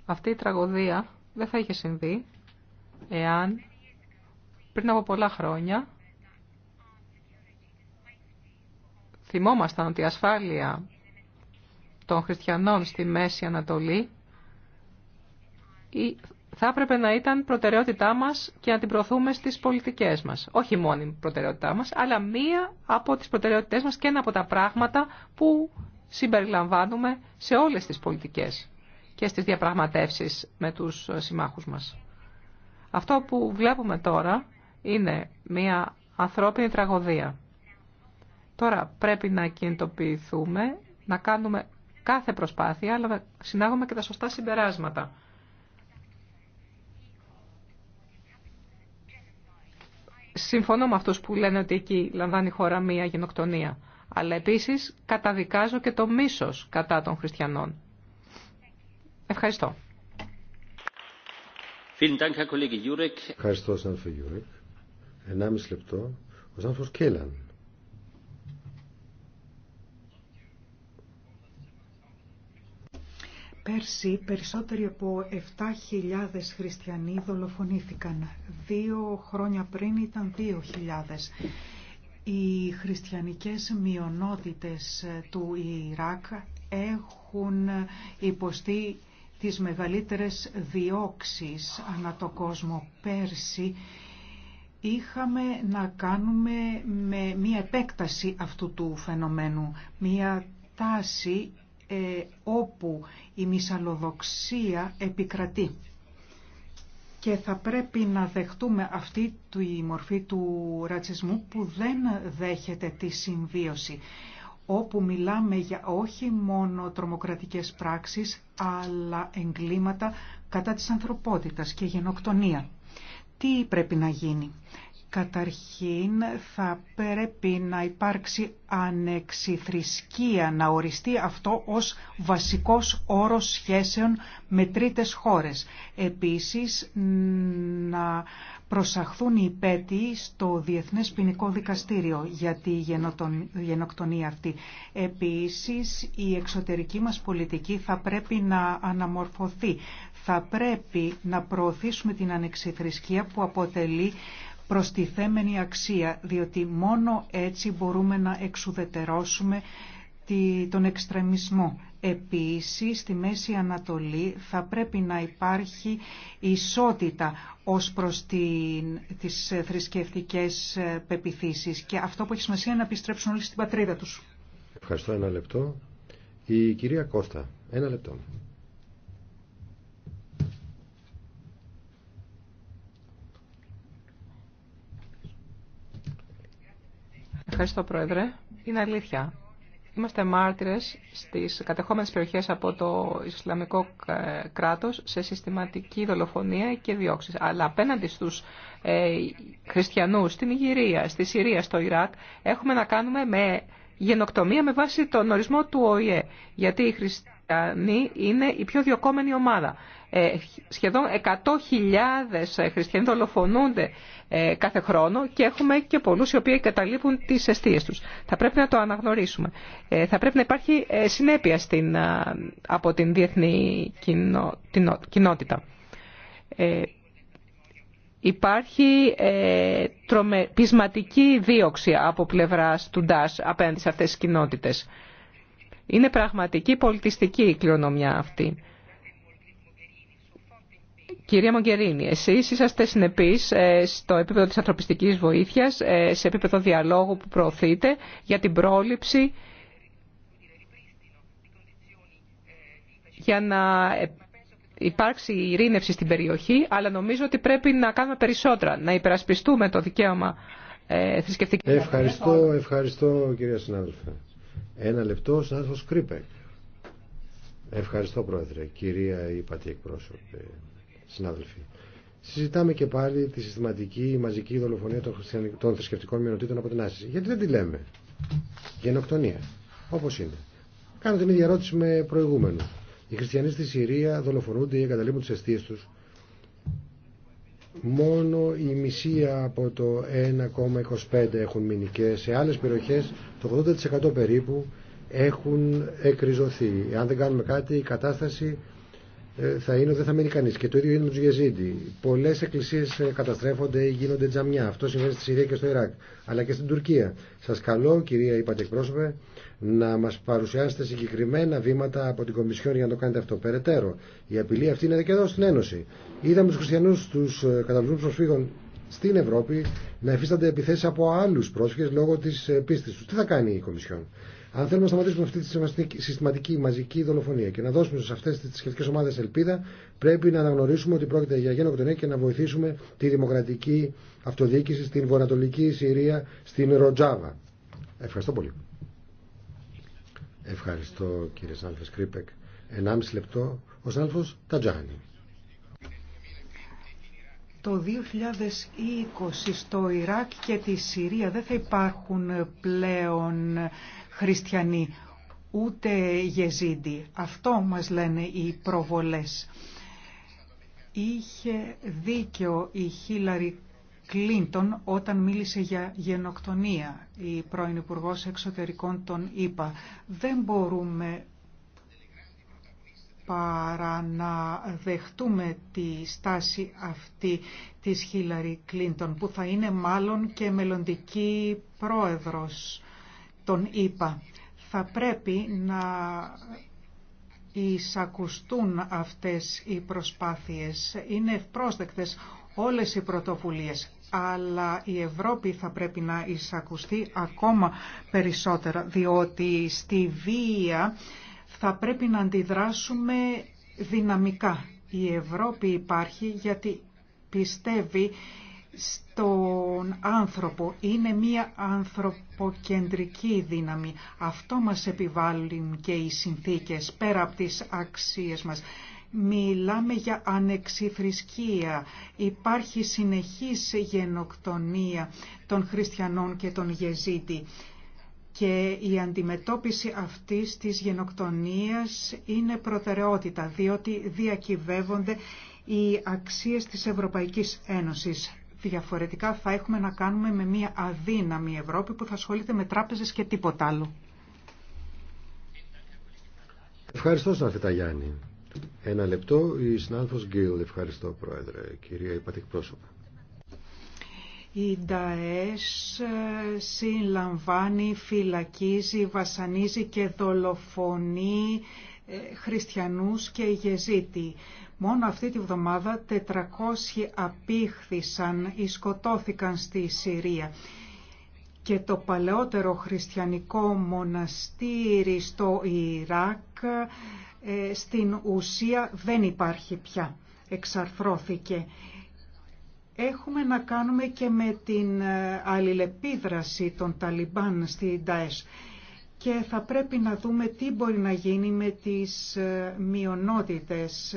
Αυτή η τραγωδία δεν θα είχε συμβεί εάν πριν από πολλά χρόνια θυμόμασταν ότι η ασφάλεια των χριστιανών στη Μέση Ανατολή θα έπρεπε να ήταν προτεραιότητά μας και να την προωθούμε στις πολιτικές μας. Όχι μόνη προτεραιότητά μας, αλλά μία από τις προτεραιότητές μας και ένα από τα πράγματα που συμπεριλαμβάνουμε σε όλες τις πολιτικές και στι διαπραγματεύσει με τους συμμάχους μας. Αυτό που βλέπουμε τώρα είναι μία ανθρώπινη τραγωδία. Τώρα πρέπει να κινητοποιηθούμε, να κάνουμε κάθε προσπάθεια, αλλά να συνάγουμε και τα σωστά συμπεράσματα. Συμφωνώ με αυτούς που λένε ότι εκεί λαμβάνει η χώρα μία γενοκτονία. Αλλά επίσης καταδικάζω και το μίσος κατά των χριστιανών. Ευχαριστώ. Ευχαριστώ, Σάνφε Γιούρεκ. Ενάμιση λεπτό. Ο Σάνφος Κέλλαν. Πέρσι περισσότεροι από 7.000 χριστιανοί δολοφονήθηκαν. Δύο χρόνια πριν ήταν 2.000. Οι χριστιανικές μειονότητες του Ιράκ έχουν υποστεί τις μεγαλύτερες διώξεις ανά το κόσμο. Πέρσι είχαμε να κάνουμε με μία επέκταση αυτού του φαινομένου, μία τάση ε, όπου η μυσαλλοδοξία επικρατεί. Και θα πρέπει να δεχτούμε αυτή τη μορφή του ρατσισμού που δεν δέχεται τη συμβίωση όπου μιλάμε για όχι μόνο τρομοκρατικές πράξεις, αλλά εγκλήματα κατά της ανθρωπότητας και γενοκτονία. Τι πρέπει να γίνει. Καταρχήν θα πρέπει να υπάρξει ανεξιθρησκεία, να οριστεί αυτό ως βασικός όρος σχέσεων με τρίτες χώρες. Επίσης να προσαχθούν οι υπέτειοι στο Διεθνές Ποινικό Δικαστήριο για τη γενοκτονία αυτή. Επίσης η εξωτερική μας πολιτική θα πρέπει να αναμορφωθεί. Θα πρέπει να προωθήσουμε την ανεξιθρησκεία που αποτελεί θέμενη αξία, διότι μόνο έτσι μπορούμε να εξουδετερώσουμε τον εξτρεμισμό. Επίσης, στη Μέση Ανατολή θα πρέπει να υπάρχει ισότητα ως προς την, τις θρησκευτικές ε, πεπιθήσεις και αυτό που έχει σημασία είναι να επιστρέψουν όλοι στην πατρίδα τους. Ευχαριστώ ένα λεπτό. Η κυρία Κώστα, ένα λεπτό. Ευχαριστώ, Πρόεδρε. Είναι αλήθεια. Είμαστε μάρτυρες στις κατεχόμενες περιοχές από το Ισλαμικό ε, κράτος σε συστηματική δολοφονία και διώξεις. Αλλά απέναντι στους ε, χριστιανούς στην Ιγυρία, στη Συρία, στο Ιράκ έχουμε να κάνουμε με γενοκτομία με βάση τον ορισμό του ΟΗΕ. Γιατί οι χριστιανοί είναι η πιο διωκόμενη ομάδα. Ε, σχεδόν 100.000 ε, χριστιανοί δολοφονούνται ε, κάθε χρόνο και έχουμε και πολλούς οι οποίοι καταλείπουν τις αιστείες τους. Θα πρέπει να το αναγνωρίσουμε. Ε, θα πρέπει να υπάρχει ε, συνέπεια στην, από την διεθνή κοινότητα. υπάρχει ε, τρομε, δίωξη από πλευράς του ΝΤΑΣ απέναντι σε αυτές τις κοινότητες. Είναι πραγματική πολιτιστική η κληρονομιά αυτή. Κυρία Μογκερίνη, εσείς είσαστε συνεπεί ε, στο επίπεδο της ανθρωπιστική βοήθειας, ε, σε επίπεδο διαλόγου που προωθείτε για την πρόληψη, για να ε, υπάρξει ειρήνευση στην περιοχή, αλλά νομίζω ότι πρέπει να κάνουμε περισσότερα, να υπερασπιστούμε το δικαίωμα θρησκευτική. Ευχαριστώ, ευχαριστώ κυρία συνάδελφε. Ένα λεπτό, συνάδελφος Κρύπεκ. Ευχαριστώ πρόεδρε, κυρία Υπατή εκπρόσωπη συνάδελφοι. Συζητάμε και πάλι τη συστηματική μαζική δολοφονία των, των θρησκευτικών μειονοτήτων από την Άση. Γιατί δεν τη λέμε. Γενοκτονία. Όπω είναι. Κάνω την ίδια ερώτηση με προηγούμενου. Οι χριστιανοί στη Συρία δολοφονούνται ή εγκαταλείπουν τι αιστείε του. Μόνο η μισή από το 1,25 έχουν μείνει και σε άλλε περιοχέ, το 80% περίπου έχουν εκριζωθεί. Αν δεν κάνουμε κάτι η κατάσταση ε, θα είναι ότι δεν θα μείνει κανεί. Και το ίδιο είναι με του Γεζίδι. Πολλέ εκκλησίε ε, καταστρέφονται ή γίνονται τζαμιά. Αυτό συμβαίνει στη Συρία και στο Ιράκ, αλλά και στην Τουρκία. Σα καλώ, κυρία είπατε εκπρόσωπε, να μα παρουσιάσετε συγκεκριμένα βήματα από την Κομισιόν για να το κάνετε αυτό περαιτέρω. Η απειλή αυτή είναι και εδώ στην Ένωση. Είδαμε του χριστιανού, του ε, καταβλισμού προσφύγων στην Ευρώπη να εφίστανται επιθέσει από άλλου πρόσφυγε λόγω τη πίστη του. Τι θα κάνει η Κομισιόν. Αν θέλουμε να σταματήσουμε αυτή τη συστηματική μαζική δολοφονία και να δώσουμε σε αυτέ τι σχετικέ ομάδε ελπίδα, πρέπει να αναγνωρίσουμε ότι πρόκειται για γενοκτονία και να βοηθήσουμε τη δημοκρατική αυτοδιοίκηση στην βορειοανατολική Συρία, στην Ροτζάβα. Ευχαριστώ πολύ. Ευχαριστώ κύριε Σάλφε Κρίπεκ. 1,5 λεπτό ο Σάλφο Τατζάνη. Το 2020 στο Ιράκ και τη Συρία δεν θα υπάρχουν πλέον χριστιανοί, ούτε γεζίδι. Αυτό μας λένε οι προβολές. Είχε δίκιο η Χίλαρη Κλίντον όταν μίλησε για γενοκτονία, η πρώην υπουργό Εξωτερικών των ΗΠΑ. Δεν μπορούμε παρά να δεχτούμε τη στάση αυτή της Χίλαρη Κλίντον, που θα είναι μάλλον και μελλοντική πρόεδρος τον είπα. Θα πρέπει να εισακουστούν αυτές οι προσπάθειες. Είναι ευπρόσδεκτες όλες οι πρωτοβουλίες, αλλά η Ευρώπη θα πρέπει να εισακουστεί ακόμα περισσότερα, διότι στη βία θα πρέπει να αντιδράσουμε δυναμικά. Η Ευρώπη υπάρχει γιατί πιστεύει στον άνθρωπο. Είναι μία ανθρωποκεντρική δύναμη. Αυτό μας επιβάλλουν και οι συνθήκες πέρα από τις αξίες μας. Μιλάμε για ανεξιθρησκεία. Υπάρχει συνεχής γενοκτονία των χριστιανών και των γεζίτη. Και η αντιμετώπιση αυτής της γενοκτονίας είναι προτεραιότητα, διότι διακυβεύονται οι αξίες της Ευρωπαϊκής Ένωσης. Διαφορετικά θα έχουμε να κάνουμε με μια αδύναμη Ευρώπη που θα ασχολείται με τράπεζες και τίποτα άλλο. Ευχαριστώ στον Αφιταγιάννη. Ένα λεπτό, η συνάδελφος Γκίλ. Ευχαριστώ, Πρόεδρε, κυρία Υπατήκ Πρόσωπα. Η ΝΤΑΕΣ ε, συλλαμβάνει, φυλακίζει, βασανίζει και δολοφονεί ε, χριστιανούς και γεζίτη. Μόνο αυτή τη βδομάδα 400 απήχθησαν ή σκοτώθηκαν στη Συρία. Και το παλαιότερο χριστιανικό μοναστήρι στο Ιράκ ε, στην ουσία δεν υπάρχει πια. Εξαρθρώθηκε. Έχουμε να κάνουμε και με την ε, αλληλεπίδραση των Ταλιμπάν στην ΤΑΕΣ και θα πρέπει να δούμε τι μπορεί να γίνει με τις ε, μειονότητες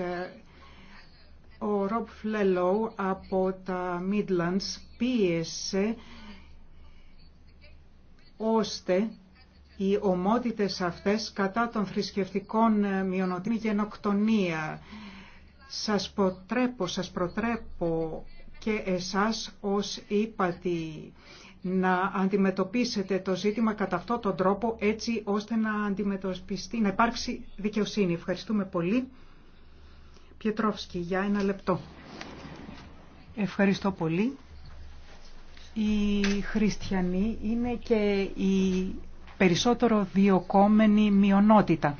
ο Ροπ Φλελόου από τα Midlands πίεσε ώστε οι ομότητες αυτές κατά των θρησκευτικών ε, μειονοτήτων γενοκτονία. Σας προτρέπω, σας προτρέπω και εσάς ως ύπατη να αντιμετωπίσετε το ζήτημα κατά αυτόν τον τρόπο έτσι ώστε να αντιμετωπιστεί, να υπάρξει δικαιοσύνη. Ευχαριστούμε πολύ. Πιετρόφσκι, για ένα λεπτό. Ευχαριστώ πολύ. Οι χριστιανοί είναι και η περισσότερο διοκόμενη μειονότητα.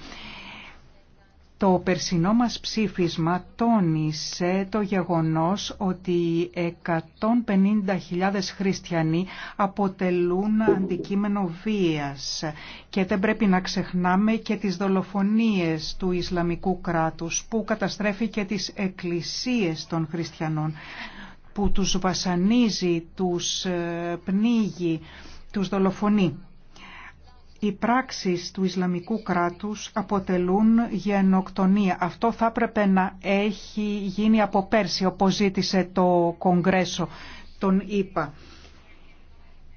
Το περσινό μας ψήφισμα τόνισε το γεγονός ότι 150.000 χριστιανοί αποτελούν αντικείμενο βίας και δεν πρέπει να ξεχνάμε και τις δολοφονίες του Ισλαμικού κράτους που καταστρέφει και τις εκκλησίες των χριστιανών που τους βασανίζει, τους ε, πνίγει, τους δολοφονεί οι πράξεις του Ισλαμικού κράτους αποτελούν γενοκτονία. Αυτό θα έπρεπε να έχει γίνει από πέρσι, όπως ζήτησε το Κογκρέσο, τον ΙΠΑ.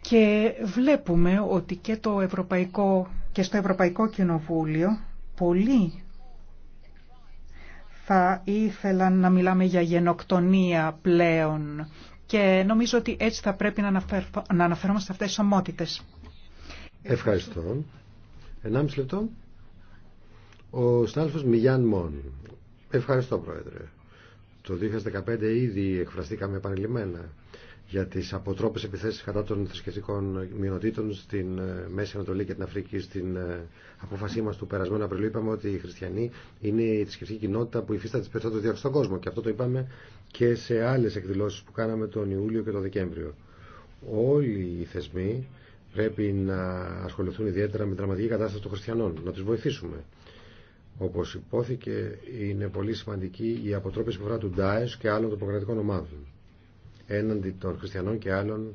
Και βλέπουμε ότι και, το Ευρωπαϊκό, και στο Ευρωπαϊκό Κοινοβούλιο πολύ θα ήθελαν να μιλάμε για γενοκτονία πλέον. Και νομίζω ότι έτσι θα πρέπει να αναφερόμαστε σε αυτές τις ομότητες. Ευχαριστώ. 1,5 λεπτό. Ο συνάδελφος Μιγιάν Μόν. Ευχαριστώ, Πρόεδρε. Το 2015 ήδη εκφραστήκαμε επανειλημμένα για τις αποτρόπες επιθέσεις κατά των θρησκευτικών μειονοτήτων στην ε, Μέση Ανατολή και την Αφρική. Στην ε, απόφασή μας του περασμένου Απριλίου είπαμε ότι οι χριστιανοί είναι η θρησκευτική κοινότητα που υφίσταται τι περισσότερες στον κόσμο και αυτό το είπαμε και σε άλλες εκδηλώσεις που κάναμε τον Ιούλιο και τον Δεκέμβριο. Όλοι οι θεσμοί πρέπει να ασχοληθούν ιδιαίτερα με την δραματική κατάσταση των χριστιανών, να τους βοηθήσουμε. Όπως υπόθηκε, είναι πολύ σημαντική η που συμπεριφορά του Ντάες και άλλων τοποκρατικών ομάδων έναντι των χριστιανών και άλλων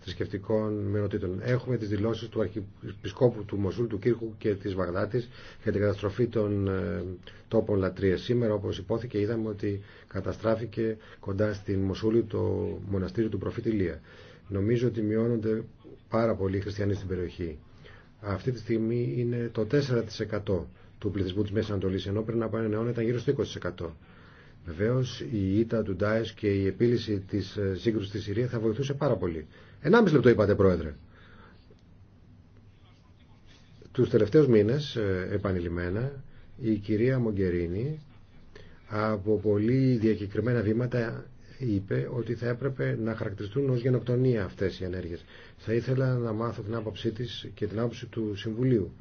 θρησκευτικών μειονοτήτων. Έχουμε τις δηλώσεις του Αρχιπισκόπου του Μοσούλ, του Κύρκου και της Βαγδάτης για την καταστροφή των ε, τόπων λατρείας. Σήμερα, όπως υπόθηκε, είδαμε ότι καταστράφηκε κοντά στην Μοσούλη το μοναστήριο του Προφήτη Λία. Νομίζω ότι μειώνονται πάρα πολλοί χριστιανοί στην περιοχή. Αυτή τη στιγμή είναι το 4% του πληθυσμού τη Μέση Ανατολή, ενώ πριν από ένα αιώνα ήταν γύρω στο 20%. Βεβαίω, η ήττα του Ντάε και η επίλυση τη ε, σύγκρουση στη Συρία θα βοηθούσε πάρα πολύ. 1,5 λεπτό είπατε, Πρόεδρε. Του τελευταίου μήνε ε, επανειλημμένα, η κυρία Μογκερίνη από πολύ διακεκριμένα βήματα είπε ότι θα έπρεπε να χαρακτηριστούν ως γενοκτονία αυτές οι ενέργειες. Θα ήθελα να μάθω την άποψή τη και την άποψη του Συμβουλίου.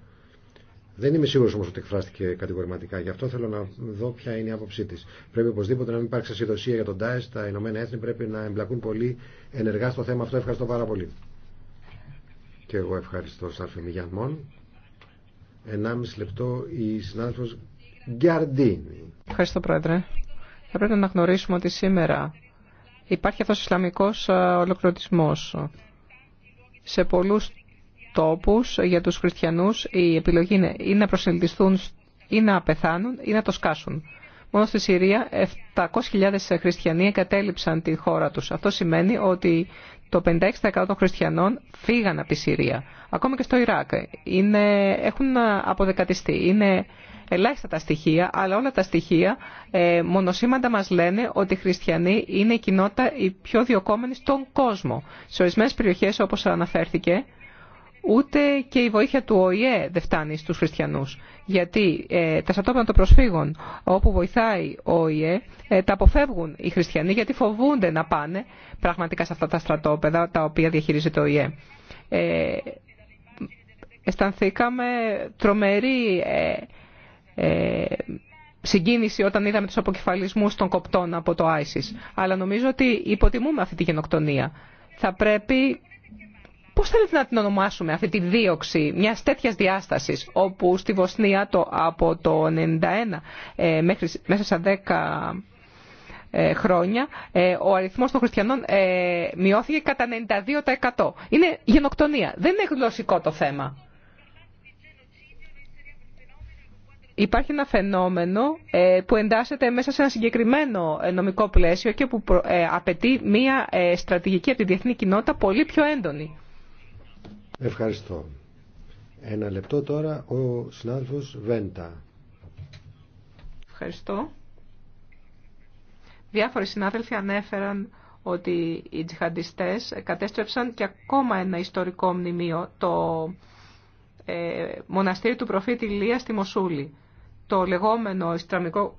Δεν είμαι σίγουρο όμω ότι εκφράστηκε κατηγορηματικά. Γι' αυτό θέλω να δω ποια είναι η άποψή τη. Πρέπει οπωσδήποτε να μην υπάρξει ασυδοσία για τον ΤΑΕΣ. Τα Ηνωμένα Έθνη πρέπει να εμπλακούν πολύ ενεργά στο θέμα αυτό. Ευχαριστώ πάρα πολύ. Και εγώ ευχαριστώ, Σάρφη Μιγιανμόν. Ενάμιση λεπτό η συνάδελφο Γκιαρντίνη. Ευχαριστώ, Πρόεδρε. Θα πρέπει να γνωρίσουμε ότι σήμερα υπάρχει αυτό ο Ισλαμικό ε, σε πολλούς τόπους για τους χριστιανούς η επιλογή είναι ή να προσελκυστούν ή να πεθάνουν ή να το σκάσουν. Μόνο στη Συρία 700.000 χριστιανοί εγκατέλειψαν τη χώρα τους. Αυτό σημαίνει ότι το 56% των χριστιανών φύγαν από τη Συρία. Ακόμα και στο Ιράκ είναι, έχουν αποδεκατιστεί. Είναι ελάχιστα τα στοιχεία, αλλά όλα τα στοιχεία ε, μονοσήμαντα μας λένε ότι οι χριστιανοί είναι η κοινότητα η πιο διοκόμενη στον κόσμο. Σε ορισμένε περιοχές όπως αναφέρθηκε, ούτε και η βοήθεια του ΟΗΕ δεν φτάνει στους χριστιανούς. Γιατί ε, τα στρατόπεδα των προσφύγων όπου βοηθάει ο ΟΗΕ ε, τα αποφεύγουν οι χριστιανοί γιατί φοβούνται να πάνε πραγματικά σε αυτά τα στρατόπεδα τα οποία διαχειρίζεται ο ΟΗΕ. Ε, αισθανθήκαμε ε, ε, συγκίνηση όταν είδαμε τους αποκεφαλισμούς των κοπτών από το ISIS. Αλλά νομίζω ότι υποτιμούμε αυτή τη γενοκτονία. Θα πρέπει... Πώς θέλετε να την ονομάσουμε αυτή τη δίωξη μια τέτοια διάστασης όπου στη Βοσνία το, από το 1991 ε, μέχρι, μέσα σε 10 ε, χρόνια ε, ο αριθμός των χριστιανών μειώθηκε κατά 92%. Είναι γενοκτονία. Δεν είναι γλωσσικό το θέμα. Υπάρχει ένα φαινόμενο ε, που εντάσσεται μέσα σε ένα συγκεκριμένο ε, νομικό πλαίσιο και που ε, απαιτεί μία στρατηγική από τη διεθνή κοινότητα πολύ πιο έντονη. Ευχαριστώ. Ένα λεπτό τώρα ο συνάδελφος Βέντα. Ευχαριστώ. Διάφοροι συνάδελφοι ανέφεραν ότι οι τζιχαντιστές κατέστρεψαν και ακόμα ένα ιστορικό μνημείο, το μοναστήρι του προφήτη Λία στη Μοσούλη το λεγόμενο Ισλαμικό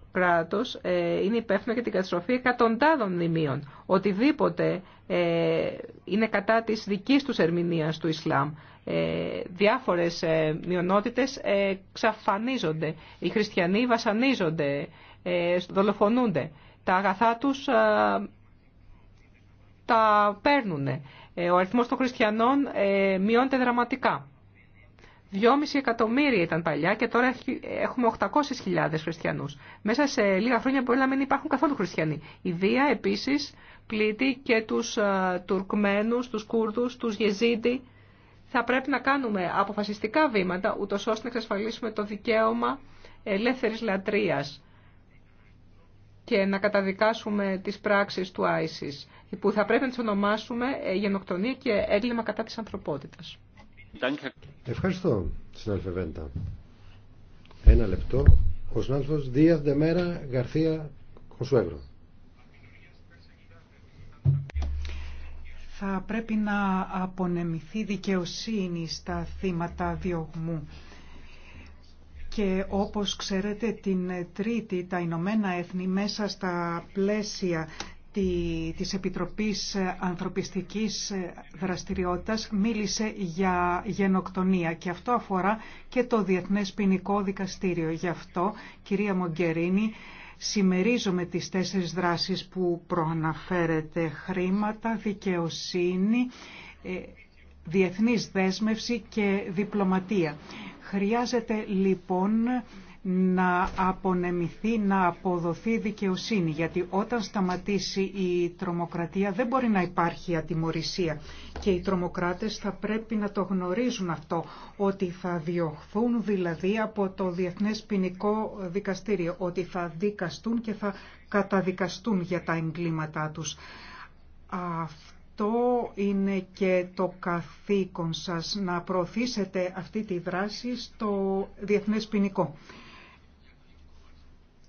ε, είναι υπεύθυνο για την καταστροφή εκατοντάδων μνημείων. Οτιδήποτε ε, είναι κατά της δικής του ερμηνεία του Ισλάμ. Ε, διάφορες ε, ε, ξαφανίζονται. Οι χριστιανοί βασανίζονται, δολοφονούνται. Τα αγαθά τους τα παίρνουν. ο αριθμός των χριστιανών μειώνεται δραματικά. 2,5 εκατομμύρια ήταν παλιά και τώρα έχουμε 800.000 χριστιανού. Μέσα σε λίγα χρόνια μπορεί να μην υπάρχουν καθόλου χριστιανοί. Η βία επίση πλήττει και του ε, Τουρκμένου, του Κούρδους, του Γεζίντι. Θα πρέπει να κάνουμε αποφασιστικά βήματα ούτω ώστε να εξασφαλίσουμε το δικαίωμα ελεύθερη λατρείας και να καταδικάσουμε τις πράξεις του ISIS που θα πρέπει να τις ονομάσουμε ε, γενοκτονία και έγκλημα κατά της ανθρωπότητας. Ευχαριστώ, συνάδελφε Βέντα. Ένα λεπτό. Ο συνάδελφο Δίας Δεμέρα Γαρθία Κοσουέβρο. Θα πρέπει να απονεμηθεί δικαιοσύνη στα θύματα διωγμού. Και όπως ξέρετε την Τρίτη τα Ηνωμένα Έθνη μέσα στα πλαίσια της Επιτροπής Ανθρωπιστικής Δραστηριότητας μίλησε για γενοκτονία και αυτό αφορά και το Διεθνές Ποινικό Δικαστήριο. Γι' αυτό, κυρία Μογκερίνη, συμμερίζομαι τις τέσσερις δράσεις που προαναφέρετε χρήματα, δικαιοσύνη, ε, διεθνής δέσμευση και διπλωματία. Χρειάζεται λοιπόν να απονεμηθεί, να αποδοθεί δικαιοσύνη. Γιατί όταν σταματήσει η τρομοκρατία δεν μπορεί να υπάρχει ατιμορρησία. Και οι τρομοκράτες θα πρέπει να το γνωρίζουν αυτό, ότι θα διωχθούν δηλαδή από το Διεθνές Ποινικό Δικαστήριο, ότι θα δικαστούν και θα καταδικαστούν για τα εγκλήματά τους. Αυτό είναι και το καθήκον σας, να προωθήσετε αυτή τη δράση στο Διεθνές Ποινικό.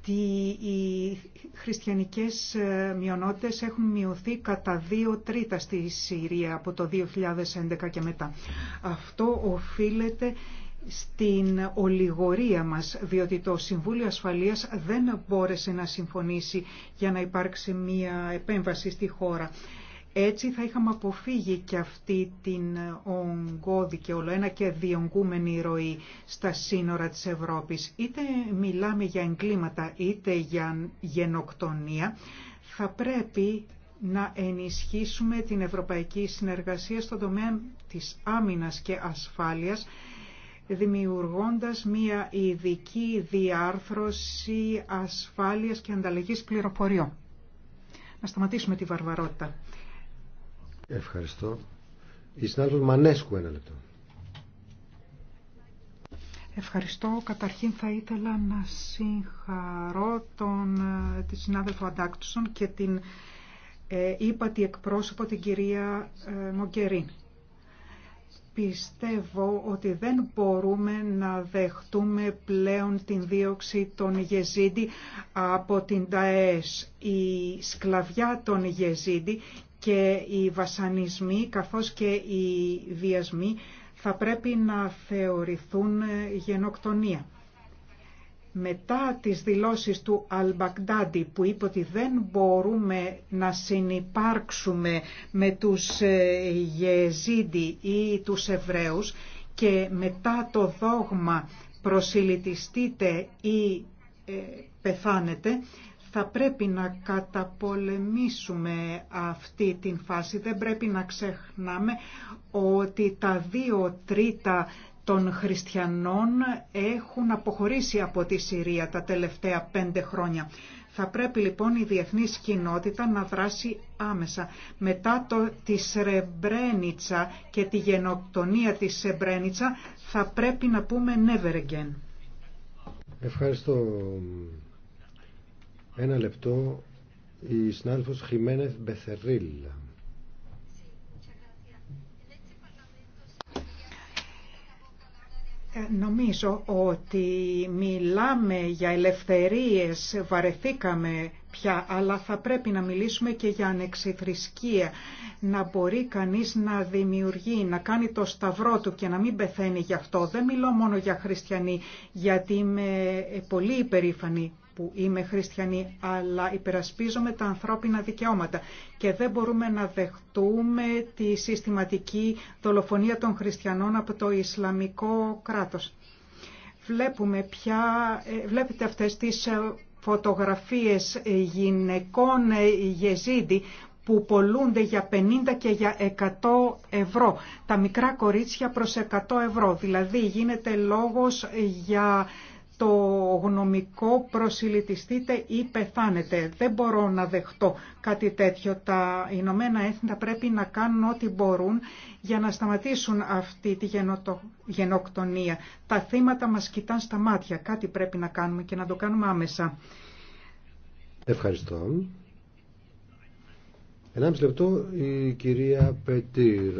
ότι οι χριστιανικές ε, μειονότητες έχουν μειωθεί κατά δύο τρίτα στη Συρία από το 2011 και μετά. Αυτό οφείλεται στην ολιγορία μας, διότι το Συμβούλιο Ασφαλείας δεν μπόρεσε να συμφωνήσει για να υπάρξει μία επέμβαση στη χώρα. Έτσι θα είχαμε αποφύγει και αυτή την ογκώδη και ολοένα και διονγκούμενη ροή στα σύνορα της Ευρώπης. Είτε μιλάμε για εγκλήματα είτε για γενοκτονία, θα πρέπει να ενισχύσουμε την ευρωπαϊκή συνεργασία στον τομέα της άμυνας και ασφάλειας, δημιουργώντας μία ειδική διάρθρωση ασφάλειας και ανταλλαγής πληροφοριών. Να σταματήσουμε τη βαρβαρότητα. Ευχαριστώ. Η συνάδελφο Μανέσκου ένα λεπτό. Ευχαριστώ. Καταρχήν θα ήθελα να συγχαρώ τον ε, τη συνάδελφο Αντάκτουσον και την ε, τη εκπρόσωπο την κυρία ε, Πιστεύω ότι δεν μπορούμε να δεχτούμε πλέον την δίωξη των Γεζίντι από την ΤΑΕΣ. Η σκλαβιά των Γεζίντι και οι βασανισμοί καθώς και οι βιασμοί θα πρέπει να θεωρηθούν γενοκτονία. Μετά τις δηλώσεις του Αλμπαγντάντι που είπε ότι δεν μπορούμε να συνυπάρξουμε με τους ε, Γεζίδι ή τους Εβραίους και μετά το δόγμα προσιλητιστείτε ή ε, πεθάνετε, θα πρέπει να καταπολεμήσουμε αυτή την φάση. Δεν πρέπει να ξεχνάμε ότι τα δύο τρίτα των χριστιανών έχουν αποχωρήσει από τη Συρία τα τελευταία πέντε χρόνια. Θα πρέπει λοιπόν η διεθνής κοινότητα να δράσει άμεσα. Μετά το, τη Σρεμπρένιτσα και τη γενοκτονία της Σρεμπρένιτσα θα πρέπει να πούμε never again. Ευχαριστώ ένα λεπτό η συνάδελφο Χιμένεθ Μπεθερίλα. Ε, νομίζω ότι μιλάμε για ελευθερίες, βαρεθήκαμε πια, αλλά θα πρέπει να μιλήσουμε και για ανεξιθρησκεία. Να μπορεί κανείς να δημιουργεί, να κάνει το σταυρό του και να μην πεθαίνει γι' αυτό. Δεν μιλώ μόνο για χριστιανοί, γιατί είμαι πολύ υπερήφανη που είμαι χριστιανή, αλλά υπερασπίζομαι τα ανθρώπινα δικαιώματα και δεν μπορούμε να δεχτούμε τη συστηματική δολοφονία των χριστιανών από το Ισλαμικό κράτος. Βλέπουμε πια, ε, βλέπετε αυτές τις ε, φωτογραφίες ε, γυναικών γεζίδι που πολλούνται για 50 και για 100 ευρώ. Τα μικρά κορίτσια προς 100 ευρώ. Δηλαδή γίνεται λόγος για το γνωμικό προσιλητιστείτε ή πεθάνετε. Δεν μπορώ να δεχτώ κάτι τέτοιο. Τα Ηνωμένα Έθνη θα πρέπει να κάνουν ό,τι μπορούν για να σταματήσουν αυτή τη γενοκτονία. Τα θύματα μας κοιτάν στα μάτια. Κάτι πρέπει να κάνουμε και να το κάνουμε άμεσα. Ευχαριστώ. Ενάμιση λεπτό η κυρία Πετήρ.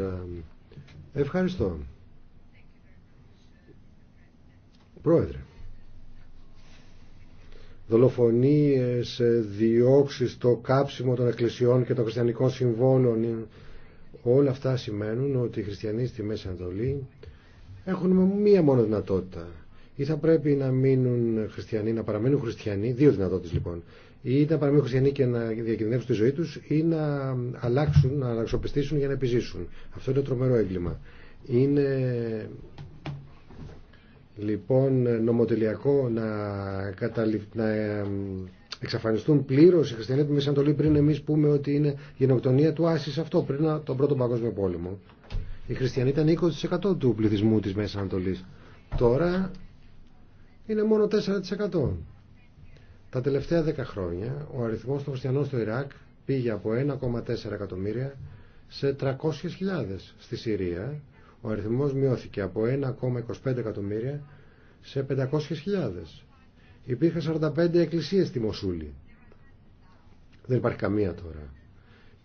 Ευχαριστώ. Πρόεδρε δολοφονίες, ε, διώξεις, το κάψιμο των εκκλησιών και των χριστιανικών συμβόλων. Ε, όλα αυτά σημαίνουν ότι οι χριστιανοί στη Μέση Ανατολή έχουν μία μόνο δυνατότητα. Ή θα πρέπει να μείνουν χριστιανοί, να παραμείνουν χριστιανοί, δύο δυνατότητες λοιπόν, ή να παραμείνουν χριστιανοί και να διακινδυνεύσουν τη ζωή τους ή να αλλάξουν, να αλλαξοπιστήσουν για να επιζήσουν. Αυτό είναι το τρομερό έγκλημα. Είναι λοιπόν νομοτελειακό να, εξαφανιστούν πλήρως οι χριστιανοί του Ανατολή πριν εμείς πούμε ότι είναι γενοκτονία του Άσης αυτό πριν τον Πρώτο Παγκόσμιο Πόλεμο. Οι χριστιανοί ήταν 20% του πληθυσμού της Μέσης Ανατολής. Τώρα είναι μόνο 4%. Τα τελευταία 10 χρόνια ο αριθμός των χριστιανών στο Ιράκ πήγε από 1,4 εκατομμύρια σε 300.000 στη Συρία ο αριθμός μειώθηκε από 1,25 εκατομμύρια σε 500.000. Υπήρχαν 45 εκκλησίες στη Μοσούλη. Δεν υπάρχει καμία τώρα.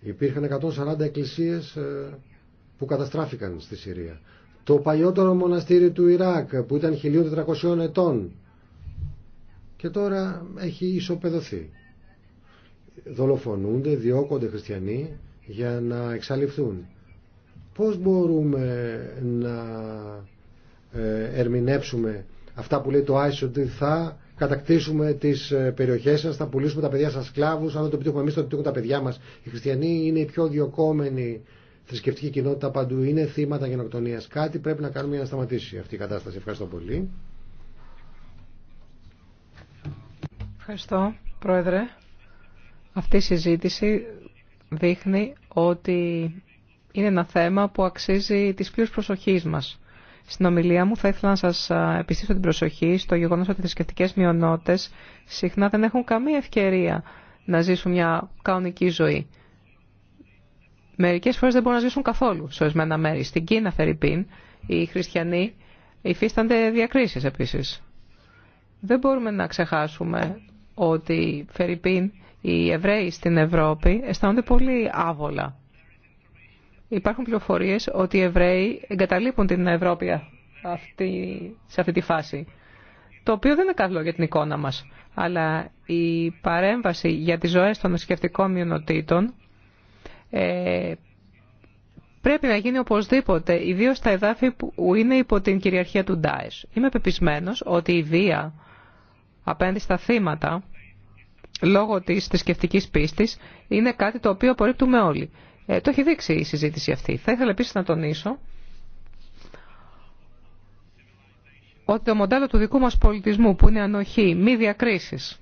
Υπήρχαν 140 εκκλησίες ε, που καταστράφηκαν στη Συρία. Το παλιότερο μοναστήρι του Ιράκ που ήταν 1400 ετών και τώρα έχει ισοπεδωθεί. Δολοφονούνται, διώκονται χριστιανοί για να εξαλειφθούν. Πώς μπορούμε να ε, ερμηνεύσουμε αυτά που λέει το Άισι ότι θα κατακτήσουμε τις ε, περιοχές σα, θα πουλήσουμε τα παιδιά σας σκλάβους Αν δεν το επιτύχουμε εμείς, θα το επιτύχουν τα παιδιά μας. Οι χριστιανοί είναι η πιο διοκόμενη θρησκευτική κοινότητα παντού. Είναι θύματα γενοκτονίας. Κάτι πρέπει να κάνουμε για να σταματήσει αυτή η κατάσταση. Ευχαριστώ πολύ. Ευχαριστώ, Πρόεδρε. Αυτή η συζήτηση δείχνει ότι είναι ένα θέμα που αξίζει της πλήρους προσοχής μας. Στην ομιλία μου θα ήθελα να σας επιστήσω την προσοχή στο γεγονός ότι οι θρησκευτικές μειονότητες συχνά δεν έχουν καμία ευκαιρία να ζήσουν μια κανονική ζωή. Μερικές φορές δεν μπορούν να ζήσουν καθόλου σε ορισμένα μέρη. Στην Κίνα, Φερρυπίν, οι χριστιανοί υφίστανται διακρίσεις επίσης. Δεν μπορούμε να ξεχάσουμε ότι Φερρυπίν οι Εβραίοι στην Ευρώπη αισθάνονται πολύ άβολα Υπάρχουν πληροφορίε ότι οι Εβραίοι εγκαταλείπουν την Ευρώπη αυτή, σε αυτή τη φάση. Το οποίο δεν είναι καλό για την εικόνα μας. Αλλά η παρέμβαση για τις ζωέ των σκεφτικών μειονοτήτων ε, πρέπει να γίνει οπωσδήποτε, ιδίω στα εδάφη που είναι υπό την κυριαρχία του Ντάες. Είμαι πεπισμένο ότι η βία απέναντι στα θύματα λόγω της θρησκευτική πίστης είναι κάτι το οποίο απορρίπτουμε όλοι. Ε, το έχει δείξει η συζήτηση αυτή. Θα ήθελα επίση να τονίσω ότι το μοντέλο του δικού μας πολιτισμού που είναι ανοχή, μη διακρίσεις,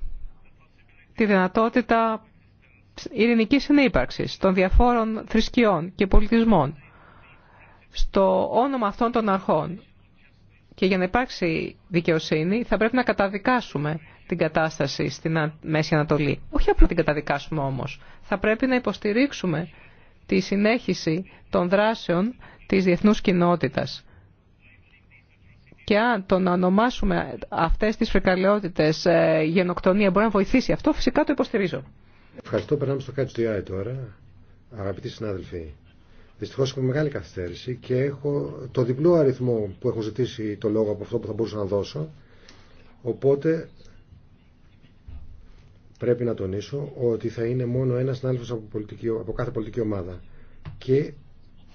τη δυνατότητα ειρηνική συνύπαρξης των διαφόρων θρησκειών και πολιτισμών στο όνομα αυτών των αρχών και για να υπάρξει δικαιοσύνη θα πρέπει να καταδικάσουμε την κατάσταση στην Μέση Ανατολή. Όχι απλά την καταδικάσουμε όμως. Θα πρέπει να υποστηρίξουμε τη συνέχιση των δράσεων της διεθνούς κοινότητας. Και αν το να ονομάσουμε αυτές τις φρικαλαιότητες ε, γενοκτονία μπορεί να βοηθήσει αυτό, φυσικά το υποστηρίζω. Ευχαριστώ. Περνάμε στο ΚΑΤΣΤΙΑΕ τώρα. Αγαπητοί συνάδελφοι, δυστυχώ έχουμε μεγάλη καθυστέρηση και έχω το διπλό αριθμό που έχω ζητήσει το λόγο από αυτό που θα μπορούσα να δώσω. Οπότε πρέπει να τονίσω ότι θα είναι μόνο ένα συνάδελφο από, από κάθε πολιτική ομάδα. Και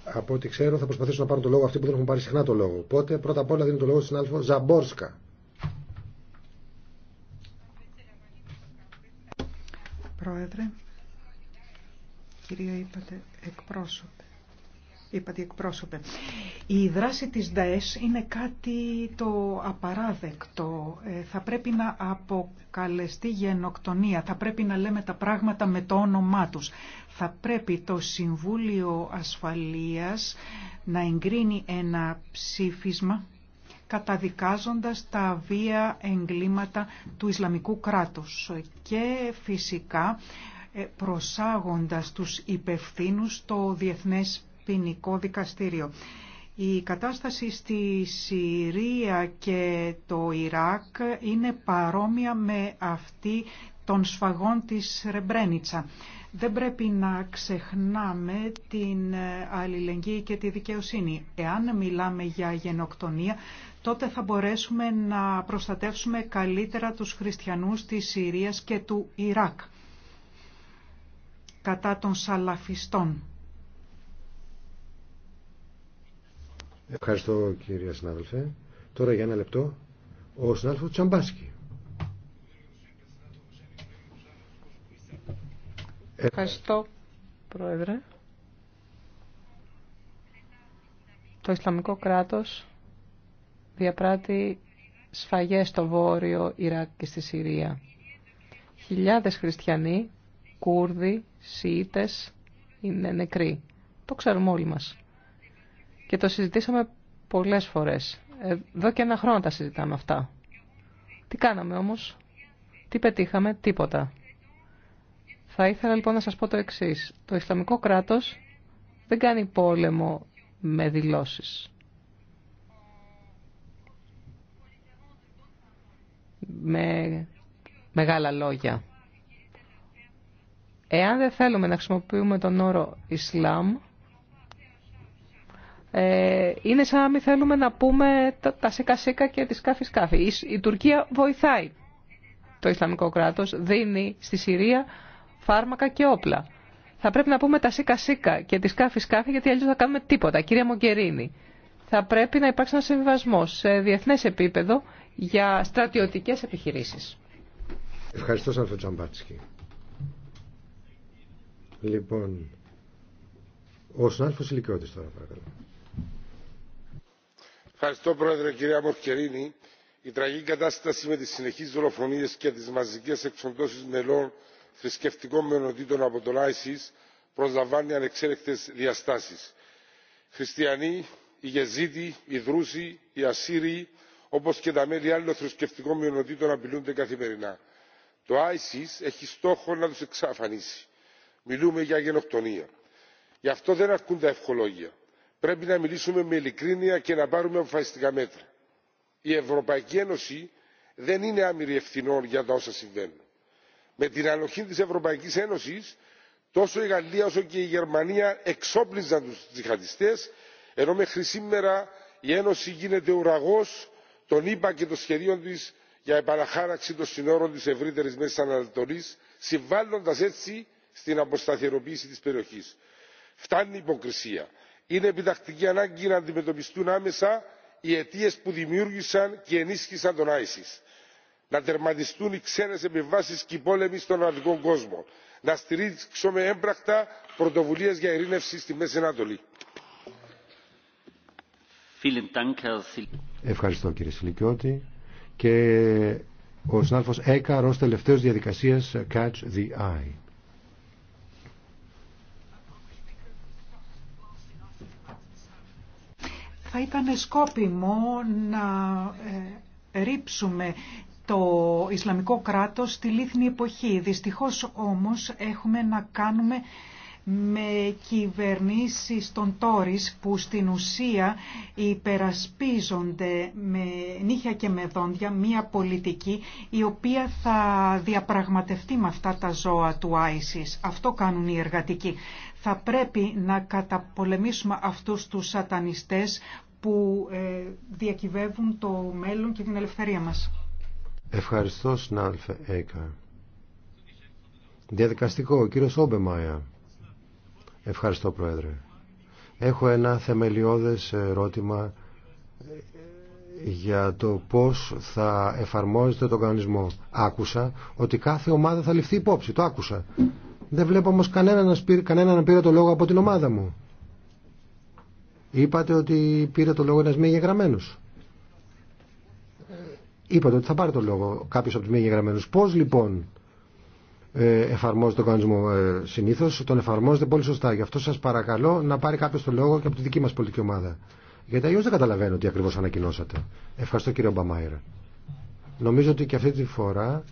από ό,τι ξέρω θα προσπαθήσουν να πάρουν το λόγο αυτοί που δεν έχουν πάρει συχνά το λόγο. Οπότε πρώτα απ' όλα δίνω το λόγο στην συνάδελφο Ζαμπόρσκα. Πρόεδρε, κυρία είπατε εκπρόσωπο. Η δράση της ΔΕΣ είναι κάτι το απαράδεκτο. Ε, θα πρέπει να αποκαλεστεί γενοκτονία. Θα πρέπει να λέμε τα πράγματα με το όνομά τους. Θα πρέπει το Συμβούλιο Ασφαλείας να εγκρίνει ένα ψήφισμα καταδικάζοντας τα βία εγκλήματα του Ισλαμικού κράτους και φυσικά ε, προσάγοντας τους υπευθύνους το διεθνές ποινικό δικαστήριο. Η κατάσταση στη Συρία και το Ιράκ είναι παρόμοια με αυτή των σφαγών της Ρεμπρένιτσα. Δεν πρέπει να ξεχνάμε την αλληλεγγύη και τη δικαιοσύνη. Εάν μιλάμε για γενοκτονία, τότε θα μπορέσουμε να προστατεύσουμε καλύτερα τους χριστιανούς της Συρίας και του Ιράκ κατά των Σαλαφιστών. Ευχαριστώ κύριε συνάδελφε. Τώρα για ένα λεπτό ο συνάδελφος Τσαμπάσκι. Ευχαριστώ πρόεδρε. Το Ισλαμικό κράτος διαπράττει σφαγές στο βόρειο Ιράκ και στη Συρία. Χιλιάδες χριστιανοί, Κούρδοι, Σιήτες είναι νεκροί. Το ξέρουμε όλοι μας. Και το συζητήσαμε πολλές φορές. Ε, εδώ και ένα χρόνο τα συζητάμε αυτά. Τι κάναμε όμως, τι πετύχαμε, τίποτα. Θα ήθελα λοιπόν να σας πω το εξής. Το Ισλαμικό κράτος δεν κάνει πόλεμο με δηλώσεις. Με μεγάλα λόγια. Εάν δεν θέλουμε να χρησιμοποιούμε τον όρο Ισλάμ, ε, είναι σαν να μην θέλουμε να πούμε τα σίκα σίκα και τη σκάφη σκάφη. Η Τουρκία βοηθάει το Ισλαμικό κράτος, δίνει στη Συρία φάρμακα και όπλα. Θα πρέπει να πούμε τα σίκα σίκα και τη σκάφη σκάφη γιατί αλλιώς θα κάνουμε τίποτα. Κυρία Μογκερίνη, θα πρέπει να υπάρξει ένα συμβιβασμό σε διεθνέ επίπεδο για στρατιωτικέ επιχειρήσει. Ευχαριστώ Λοιπόν, ο συνάδελφο ηλικιώτη τώρα παρακαλώ. Ευχαριστώ πρόεδρε κυρία Μορκερίνη. Η τραγική κατάσταση με τι συνεχείς δολοφονίες και τι μαζικέ εξοντώσεις μελών θρησκευτικών μειονοτήτων από τον ISIS προσλαμβάνει ανεξέλεκτε διαστάσει. Χριστιανοί, οι Γεζίτοι, οι Δρούσοι, οι Ασσύριοι, όπω και τα μέλη άλλων θρησκευτικών μειονοτήτων απειλούνται καθημερινά. Το ISIS έχει στόχο να του εξαφανίσει. Μιλούμε για γενοκτονία. Γι' αυτό δεν αρκούν τα ευχολόγια πρέπει να μιλήσουμε με ειλικρίνεια και να πάρουμε αποφασιστικά μέτρα. η ευρωπαϊκή ένωση δεν είναι άμυρη ευθυνών για τα όσα συμβαίνουν. με την ανοχή της ευρωπαϊκής ένωσης τόσο η γαλλία όσο και η γερμανία εξόπλιζαν τους τζιχαντιστές ενώ μέχρι σήμερα η ένωση γίνεται ουραγός των ηπα και των σχεδίων της για επαναχάραξη των συνόρων της ευρύτερης μέσης ανατολής συμβάλλοντας έτσι στην αποσταθεροποίηση της περιοχής. φτάνει η υποκρισία είναι επιτακτική ανάγκη να αντιμετωπιστούν άμεσα οι αιτίες που δημιούργησαν και ενίσχυσαν τον άισις να τερματιστούν οι ξένες επιβάσεις και οι πόλεμοι στον αραβικό κόσμο να στηρίξουμε έμπρακτα πρωτοβουλίες για ειρήνευση στη μέση ανατολή. Ευχαριστώ κύριε Σιλικιώτη. Και ο συνάδελφος Έκαρος τελευταίος διαδικασίας Catch the Eye. Θα ήταν σκόπιμο να ε, ρίψουμε το Ισλαμικό κράτος στη λίθνη εποχή. Δυστυχώς όμως έχουμε να κάνουμε με κυβερνήσεις των τόρις που στην ουσία υπερασπίζονται με νύχια και με δόντια μία πολιτική η οποία θα διαπραγματευτεί με αυτά τα ζώα του Άισις. Αυτό κάνουν οι εργατικοί. Θα πρέπει να καταπολεμήσουμε αυτούς τους σατανιστές που ε, διακυβεύουν το μέλλον και την ελευθερία μας. Ευχαριστώ, συνάδελφε Έκα. Διαδικαστικό, ο κύριος Μάια. Ευχαριστώ, Πρόεδρε. Έχω ένα θεμελιώδες ερώτημα ε, για το πώς θα εφαρμόζεται τον κανονισμό. Άκουσα ότι κάθε ομάδα θα ληφθεί υπόψη. Το άκουσα. Δεν βλέπω όμως κανέναν κανένα να πήρε το λόγο από την ομάδα μου. Είπατε ότι πήρε το λόγο ένας μη εγγεγραμμένος. Είπατε ότι θα πάρει το λόγο κάποιος από τους μη εγγεγραμμένους. Πώς λοιπόν ε, εφαρμόζεται ο κανονισμό ε, συνήθως, τον εφαρμόζεται πολύ σωστά. Γι' αυτό σας παρακαλώ να πάρει κάποιος το λόγο και από τη δική μας πολιτική ομάδα. Γιατί αλλιώ δεν καταλαβαίνω τι ακριβώς ανακοινώσατε. Ευχαριστώ κύριε Μπαμάιρα. Νομίζω ότι και αυτή τη φορά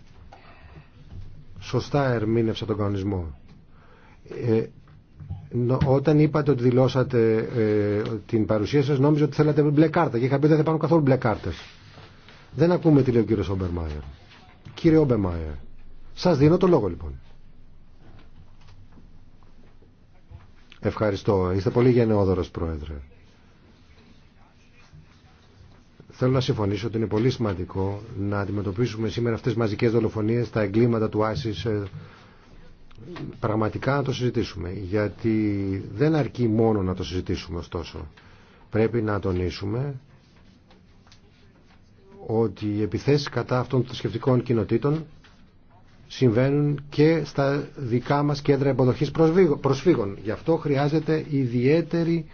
σωστά ερμήνευσα τον κανονισμό. Ε, όταν είπατε ότι δηλώσατε ε, την παρουσία σας νόμιζα ότι θέλατε μπλε κάρτα και είχα πει δεν θα πάρουν καθόλου μπλε κάρτες. Δεν ακούμε τι λέει ο κύριος Ομπερμάιερ. Κύριε Ομπερμάιερ, σας δίνω το λόγο λοιπόν. Ευχαριστώ. Είστε πολύ γενναιόδωρος πρόεδρε. Θέλω να συμφωνήσω ότι είναι πολύ σημαντικό να αντιμετωπίσουμε σήμερα αυτές τις μαζικές δολοφονίες, τα εγκλήματα του Άσης, ε, πραγματικά να το συζητήσουμε. Γιατί δεν αρκεί μόνο να το συζητήσουμε ωστόσο. Πρέπει να τονίσουμε ότι οι επιθέσεις κατά αυτών των θρησκευτικών κοινοτήτων συμβαίνουν και στα δικά μας κέντρα υποδοχής προσφύγων. Γι' αυτό χρειάζεται ιδιαίτερη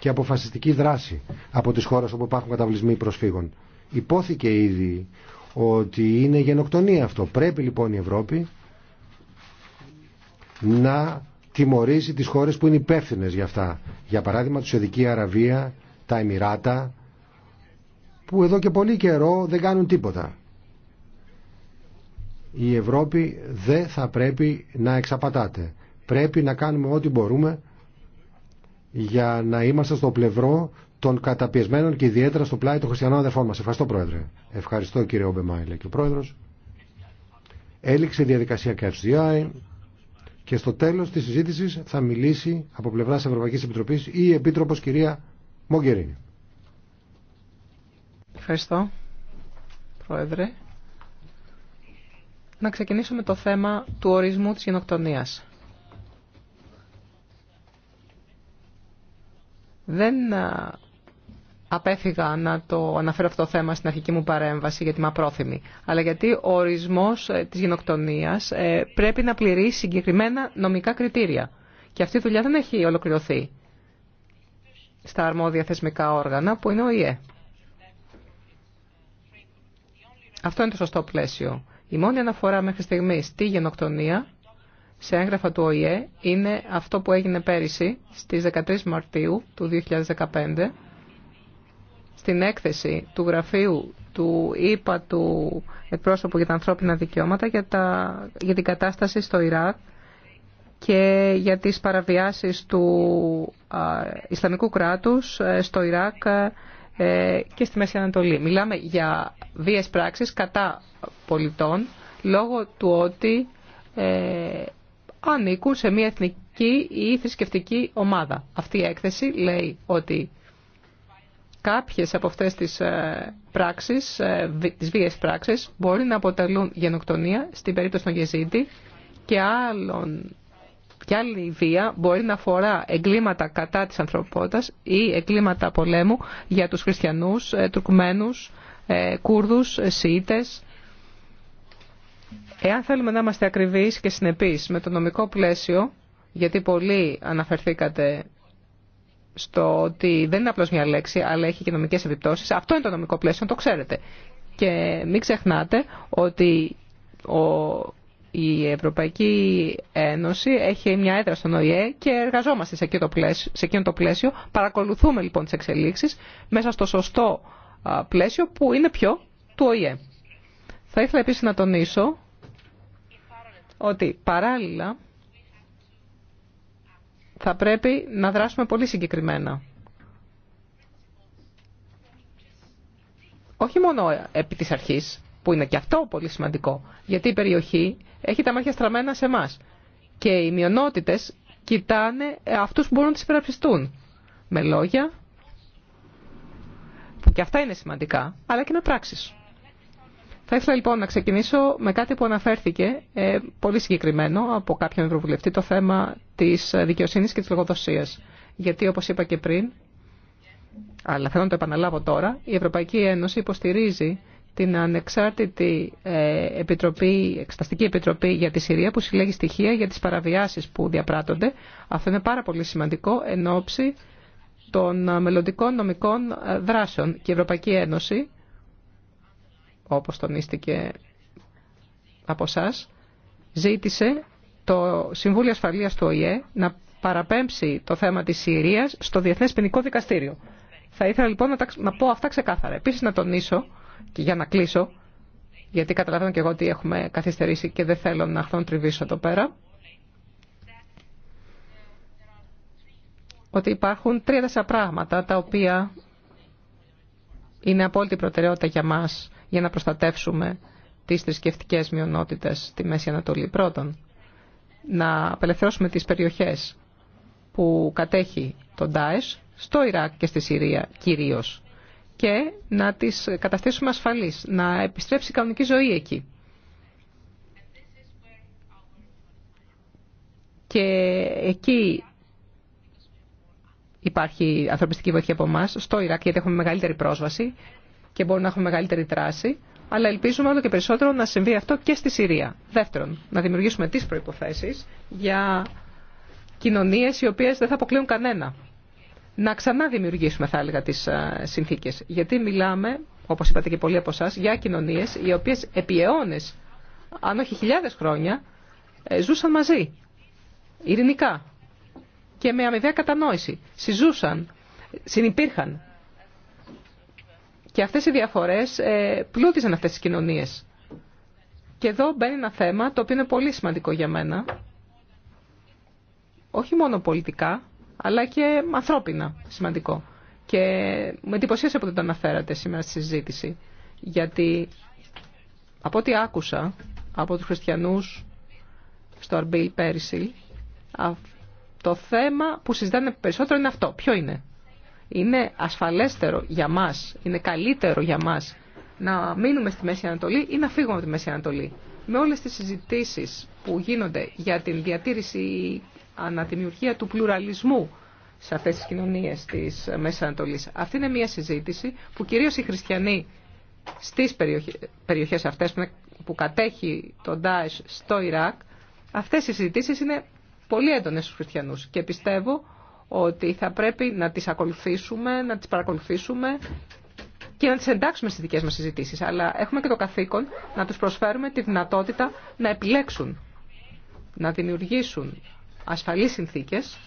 και αποφασιστική δράση από τις χώρες όπου υπάρχουν καταβλισμοί προσφύγων. Υπόθηκε ήδη ότι είναι γενοκτονία αυτό. Πρέπει λοιπόν η Ευρώπη να τιμωρήσει τις χώρες που είναι υπεύθυνε για αυτά. Για παράδειγμα, τη Ειδική Αραβία, τα Εμμυράτα, που εδώ και πολύ καιρό δεν κάνουν τίποτα. Η Ευρώπη δεν θα πρέπει να εξαπατάται. Πρέπει να κάνουμε ό,τι μπορούμε για να είμαστε στο πλευρό των καταπιεσμένων και ιδιαίτερα στο πλάι των χριστιανών αδερφών μας. Ευχαριστώ Πρόεδρε. Ευχαριστώ κύριε Ομπεμάιλε και ο Πρόεδρος. Έληξε η διαδικασία KFCI και στο τέλος της συζήτησης θα μιλήσει από πλευράς Ευρωπαϊκής Επιτροπής η Επίτροπος κυρία Μογκερίνη. Ευχαριστώ Πρόεδρε. Να ξεκινήσω με το θέμα του ορισμού της γενοκτονίας. Δεν απέφυγα να το αναφέρω αυτό το θέμα στην αρχική μου παρέμβαση γιατί είμαι απρόθυμη, αλλά γιατί ο ορισμός ε, της γενοκτονίας ε, πρέπει να πληρεί συγκεκριμένα νομικά κριτήρια. Και αυτή η δουλειά δεν έχει ολοκληρωθεί στα αρμόδια θεσμικά όργανα που είναι ο ΙΕ. Αυτό είναι το σωστό πλαίσιο. Η μόνη αναφορά μέχρι στιγμής στη γενοκτονία σε έγγραφα του ΟΗΕ είναι αυτό που έγινε πέρυσι στις 13 Μαρτίου του 2015 στην έκθεση του γραφείου του ΙΠΑ του εκπρόσωπου για τα ανθρώπινα δικαιώματα για, τα, για την κατάσταση στο Ιράκ και για τις παραβιάσεις του Ισλαμικού κράτους ε, στο Ιράκ ε, και στη Μέση Ανατολή. Μιλάμε για βίες πράξεις κατά πολιτών λόγω του ότι ε, ανήκουν σε μια εθνική ή θρησκευτική ομάδα. Αυτή η έκθεση λέει ότι κάποιες από αυτές τις ε, πράξεις, ε, τις βίες πράξεις, μπορεί να αποτελούν γενοκτονία στην περίπτωση των Γεζίτη και, άλλον, και άλλη βία μπορεί να αφορά εγκλήματα κατά της ανθρωπότητας ή εγκλήματα πολέμου για τους χριστιανούς, ε, Τουρκμένους, Κούρδους, Σιήτες Εάν θέλουμε να είμαστε ακριβείς και συνεπείς με το νομικό πλαίσιο, γιατί πολλοί αναφερθήκατε στο ότι δεν είναι απλώς μια λέξη, αλλά έχει και νομικές επιπτώσεις, αυτό είναι το νομικό πλαίσιο, το ξέρετε. Και μην ξεχνάτε ότι ο, η Ευρωπαϊκή Ένωση έχει μια έδρα στον ΟΗΕ και εργαζόμαστε σε εκείνο το πλαίσιο. Σε εκείνο το πλαίσιο. Παρακολουθούμε λοιπόν τις εξελίξεις μέσα στο σωστό πλαίσιο που είναι πιο του ΟΗΕ. Θα ήθελα επίσης να τονίσω ότι παράλληλα θα πρέπει να δράσουμε πολύ συγκεκριμένα. Όχι μόνο επί της αρχής, που είναι και αυτό πολύ σημαντικό, γιατί η περιοχή έχει τα μάτια στραμμένα σε εμά. Και οι μειονότητες κοιτάνε αυτούς που μπορούν να τις υπεραψιστούν. Με λόγια, που και αυτά είναι σημαντικά, αλλά και με πράξεις. Θα ήθελα λοιπόν να ξεκινήσω με κάτι που αναφέρθηκε ε, πολύ συγκεκριμένο από κάποιον Ευρωβουλευτή, το θέμα της δικαιοσύνης και της λογοδοσίας. Γιατί όπως είπα και πριν, αλλά θέλω να το επαναλάβω τώρα, η Ευρωπαϊκή Ένωση υποστηρίζει την ανεξάρτητη ε, επιτροπή, εξεταστική επιτροπή για τη Συρία που συλλέγει στοιχεία για τις παραβιάσεις που διαπράττονται. Αυτό είναι πάρα πολύ σημαντικό εν ώψη των μελλοντικών νομικών ε, δράσεων και η Ευρωπαϊκή Ένωση όπως τονίστηκε από εσά, ζήτησε το Συμβούλιο Ασφαλείας του ΟΗΕ να παραπέμψει το θέμα της Συρίας στο Διεθνές Ποινικό Δικαστήριο. Θα ήθελα λοιπόν να, να πω αυτά ξεκάθαρα. Επίσης να τονίσω και για να κλείσω, γιατί καταλαβαίνω και εγώ ότι έχουμε καθυστερήσει και δεν θέλω να χθοντριβήσω εδώ πέρα, ότι υπάρχουν τρία-τέσσερα πράγματα τα οποία είναι απόλυτη προτεραιότητα για μας για να προστατεύσουμε τις θρησκευτικέ μειονότητες στη Μέση Ανατολή. Πρώτον, να απελευθερώσουμε τις περιοχές που κατέχει το ΝΤΑΕΣ στο Ιράκ και στη Συρία κυρίως και να τις καταστήσουμε ασφαλείς, να επιστρέψει η κανονική ζωή εκεί. Και εκεί υπάρχει ανθρωπιστική βοήθεια από εμά, στο Ιράκ, γιατί έχουμε μεγαλύτερη πρόσβαση και μπορούν να έχουν μεγαλύτερη δράση, αλλά ελπίζουμε όλο και περισσότερο να συμβεί αυτό και στη Συρία. Δεύτερον, να δημιουργήσουμε τις προϋποθέσεις για κοινωνίες οι οποίες δεν θα αποκλείουν κανένα. Να ξανά δημιουργήσουμε, θα έλεγα, τις ε, συνθήκες. Γιατί μιλάμε, όπως είπατε και πολλοί από εσά, για κοινωνίες οι οποίες επί αιώνες, αν όχι χιλιάδες χρόνια, ε, ζούσαν μαζί, ειρηνικά και με αμοιβαία κατανόηση. Συζούσαν, συνυπήρχαν και αυτές οι διαφορές ε, πλούτησαν αυτές τις κοινωνίες. Και εδώ μπαίνει ένα θέμα το οποίο είναι πολύ σημαντικό για μένα. Όχι μόνο πολιτικά, αλλά και ανθρώπινα σημαντικό. Και με εντυπωσίασε που δεν το αναφέρατε σήμερα στη συζήτηση. Γιατί από ό,τι άκουσα από τους χριστιανούς στο Αρμπίλ πέρυσι, το θέμα που συζητάνε περισσότερο είναι αυτό. Ποιο είναι είναι ασφαλέστερο για μας, είναι καλύτερο για μας να μείνουμε στη Μέση Ανατολή ή να φύγουμε από τη Μέση Ανατολή. Με όλες τις συζητήσεις που γίνονται για την διατήρηση αναδημιουργία του πλουραλισμού σε αυτές τις κοινωνίες της Μέσης Ανατολής. Αυτή είναι μια συζήτηση που κυρίως οι χριστιανοί στις περιοχές αυτές που κατέχει το Ντάεσ στο Ιράκ, αυτές οι συζητήσεις είναι πολύ έντονες στους χριστιανούς και πιστεύω ότι θα πρέπει να τις ακολουθήσουμε, να τις παρακολουθήσουμε και να τις εντάξουμε στις δικές μας συζητήσεις. Αλλά έχουμε και το καθήκον να τους προσφέρουμε τη δυνατότητα να επιλέξουν, να δημιουργήσουν ασφαλείς συνθήκες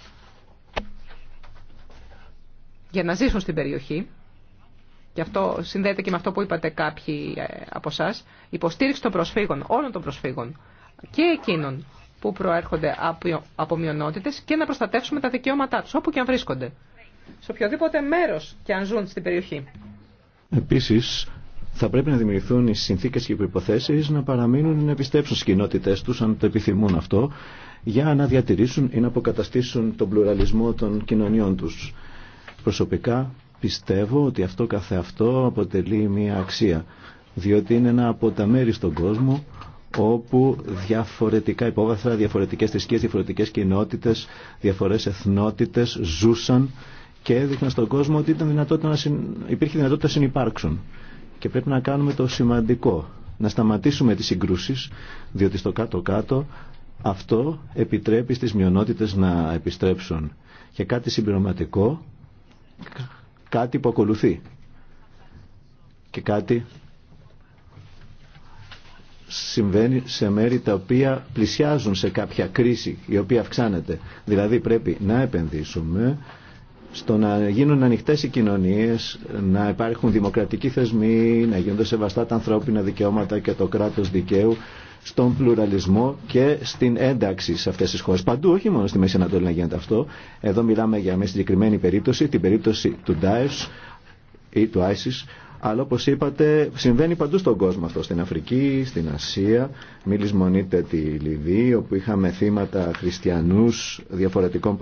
για να ζήσουν στην περιοχή. Γι' αυτό συνδέεται και με αυτό που είπατε κάποιοι ε, από εσά, υποστήριξη των προσφύγων, όλων των προσφύγων και εκείνων που προέρχονται από μειονότητε και να προστατεύσουμε τα δικαιώματά του, όπου και αν βρίσκονται. Σε οποιοδήποτε μέρο και αν ζουν στην περιοχή. Επίση, θα πρέπει να δημιουργηθούν οι συνθήκε και οι προποθέσει να παραμείνουν να επιστρέψουν στι κοινότητέ του, αν το επιθυμούν αυτό, για να διατηρήσουν ή να αποκαταστήσουν τον πλουραλισμό των κοινωνιών του. Προσωπικά πιστεύω ότι αυτό καθεαυτό αποτελεί μια αξία, διότι είναι ένα από τα μέρη στον κόσμο όπου διαφορετικά υπόβαθρα, διαφορετικές θρησκείες, διαφορετικές κοινότητες, διαφορές εθνότητες ζούσαν και έδειχναν στον κόσμο ότι να υπήρχε δυνατότητα να συνυπάρξουν. Και πρέπει να κάνουμε το σημαντικό, να σταματήσουμε τις συγκρούσεις, διότι στο κάτω-κάτω αυτό επιτρέπει στις μειονότητες να επιστρέψουν. Και κάτι συμπληρωματικό, κάτι που ακολουθεί. Και κάτι συμβαίνει σε μέρη τα οποία πλησιάζουν σε κάποια κρίση η οποία αυξάνεται. Δηλαδή πρέπει να επενδύσουμε στο να γίνουν ανοιχτές οι κοινωνίες, να υπάρχουν δημοκρατικοί θεσμοί, να γίνονται σεβαστά τα ανθρώπινα δικαιώματα και το κράτος δικαίου, στον πλουραλισμό και στην ένταξη σε αυτές τις χώρες. Παντού, όχι μόνο στη Μέση Ανατολή να γίνεται αυτό. Εδώ μιλάμε για μια συγκεκριμένη περίπτωση, την περίπτωση του Ντάες ή του ISIS, αλλά όπως είπατε συμβαίνει παντού στον κόσμο αυτό, στην Αφρική, στην Ασία. Μη λησμονείτε τη Λιβύη όπου είχαμε θύματα χριστιανούς διαφορετικών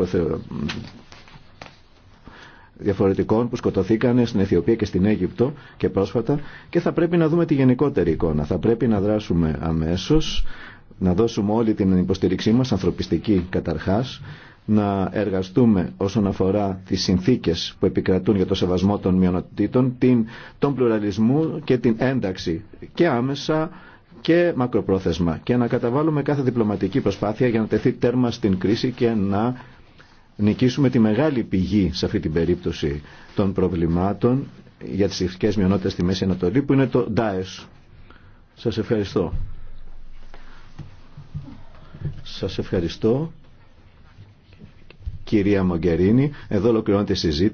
διαφορετικών που σκοτωθήκαν στην Αιθιοπία και στην Αίγυπτο και πρόσφατα και θα πρέπει να δούμε τη γενικότερη εικόνα. Θα πρέπει να δράσουμε αμέσως, να δώσουμε όλη την υποστήριξή μας ανθρωπιστική καταρχάς να εργαστούμε όσον αφορά τις συνθήκες που επικρατούν για το σεβασμό των μειονοτήτων, την, τον πλουραλισμό και την ένταξη και άμεσα και μακροπρόθεσμα και να καταβάλουμε κάθε διπλωματική προσπάθεια για να τεθεί τέρμα στην κρίση και να νικήσουμε τη μεγάλη πηγή σε αυτή την περίπτωση των προβλημάτων για τις ειδικές μειονότητες στη Μέση Ανατολή που είναι το ΝΤΑΕΣ. Σας ευχαριστώ. Σας ευχαριστώ κυρία Μογκερίνη. Εδώ ολοκληρώνεται η συζήτηση.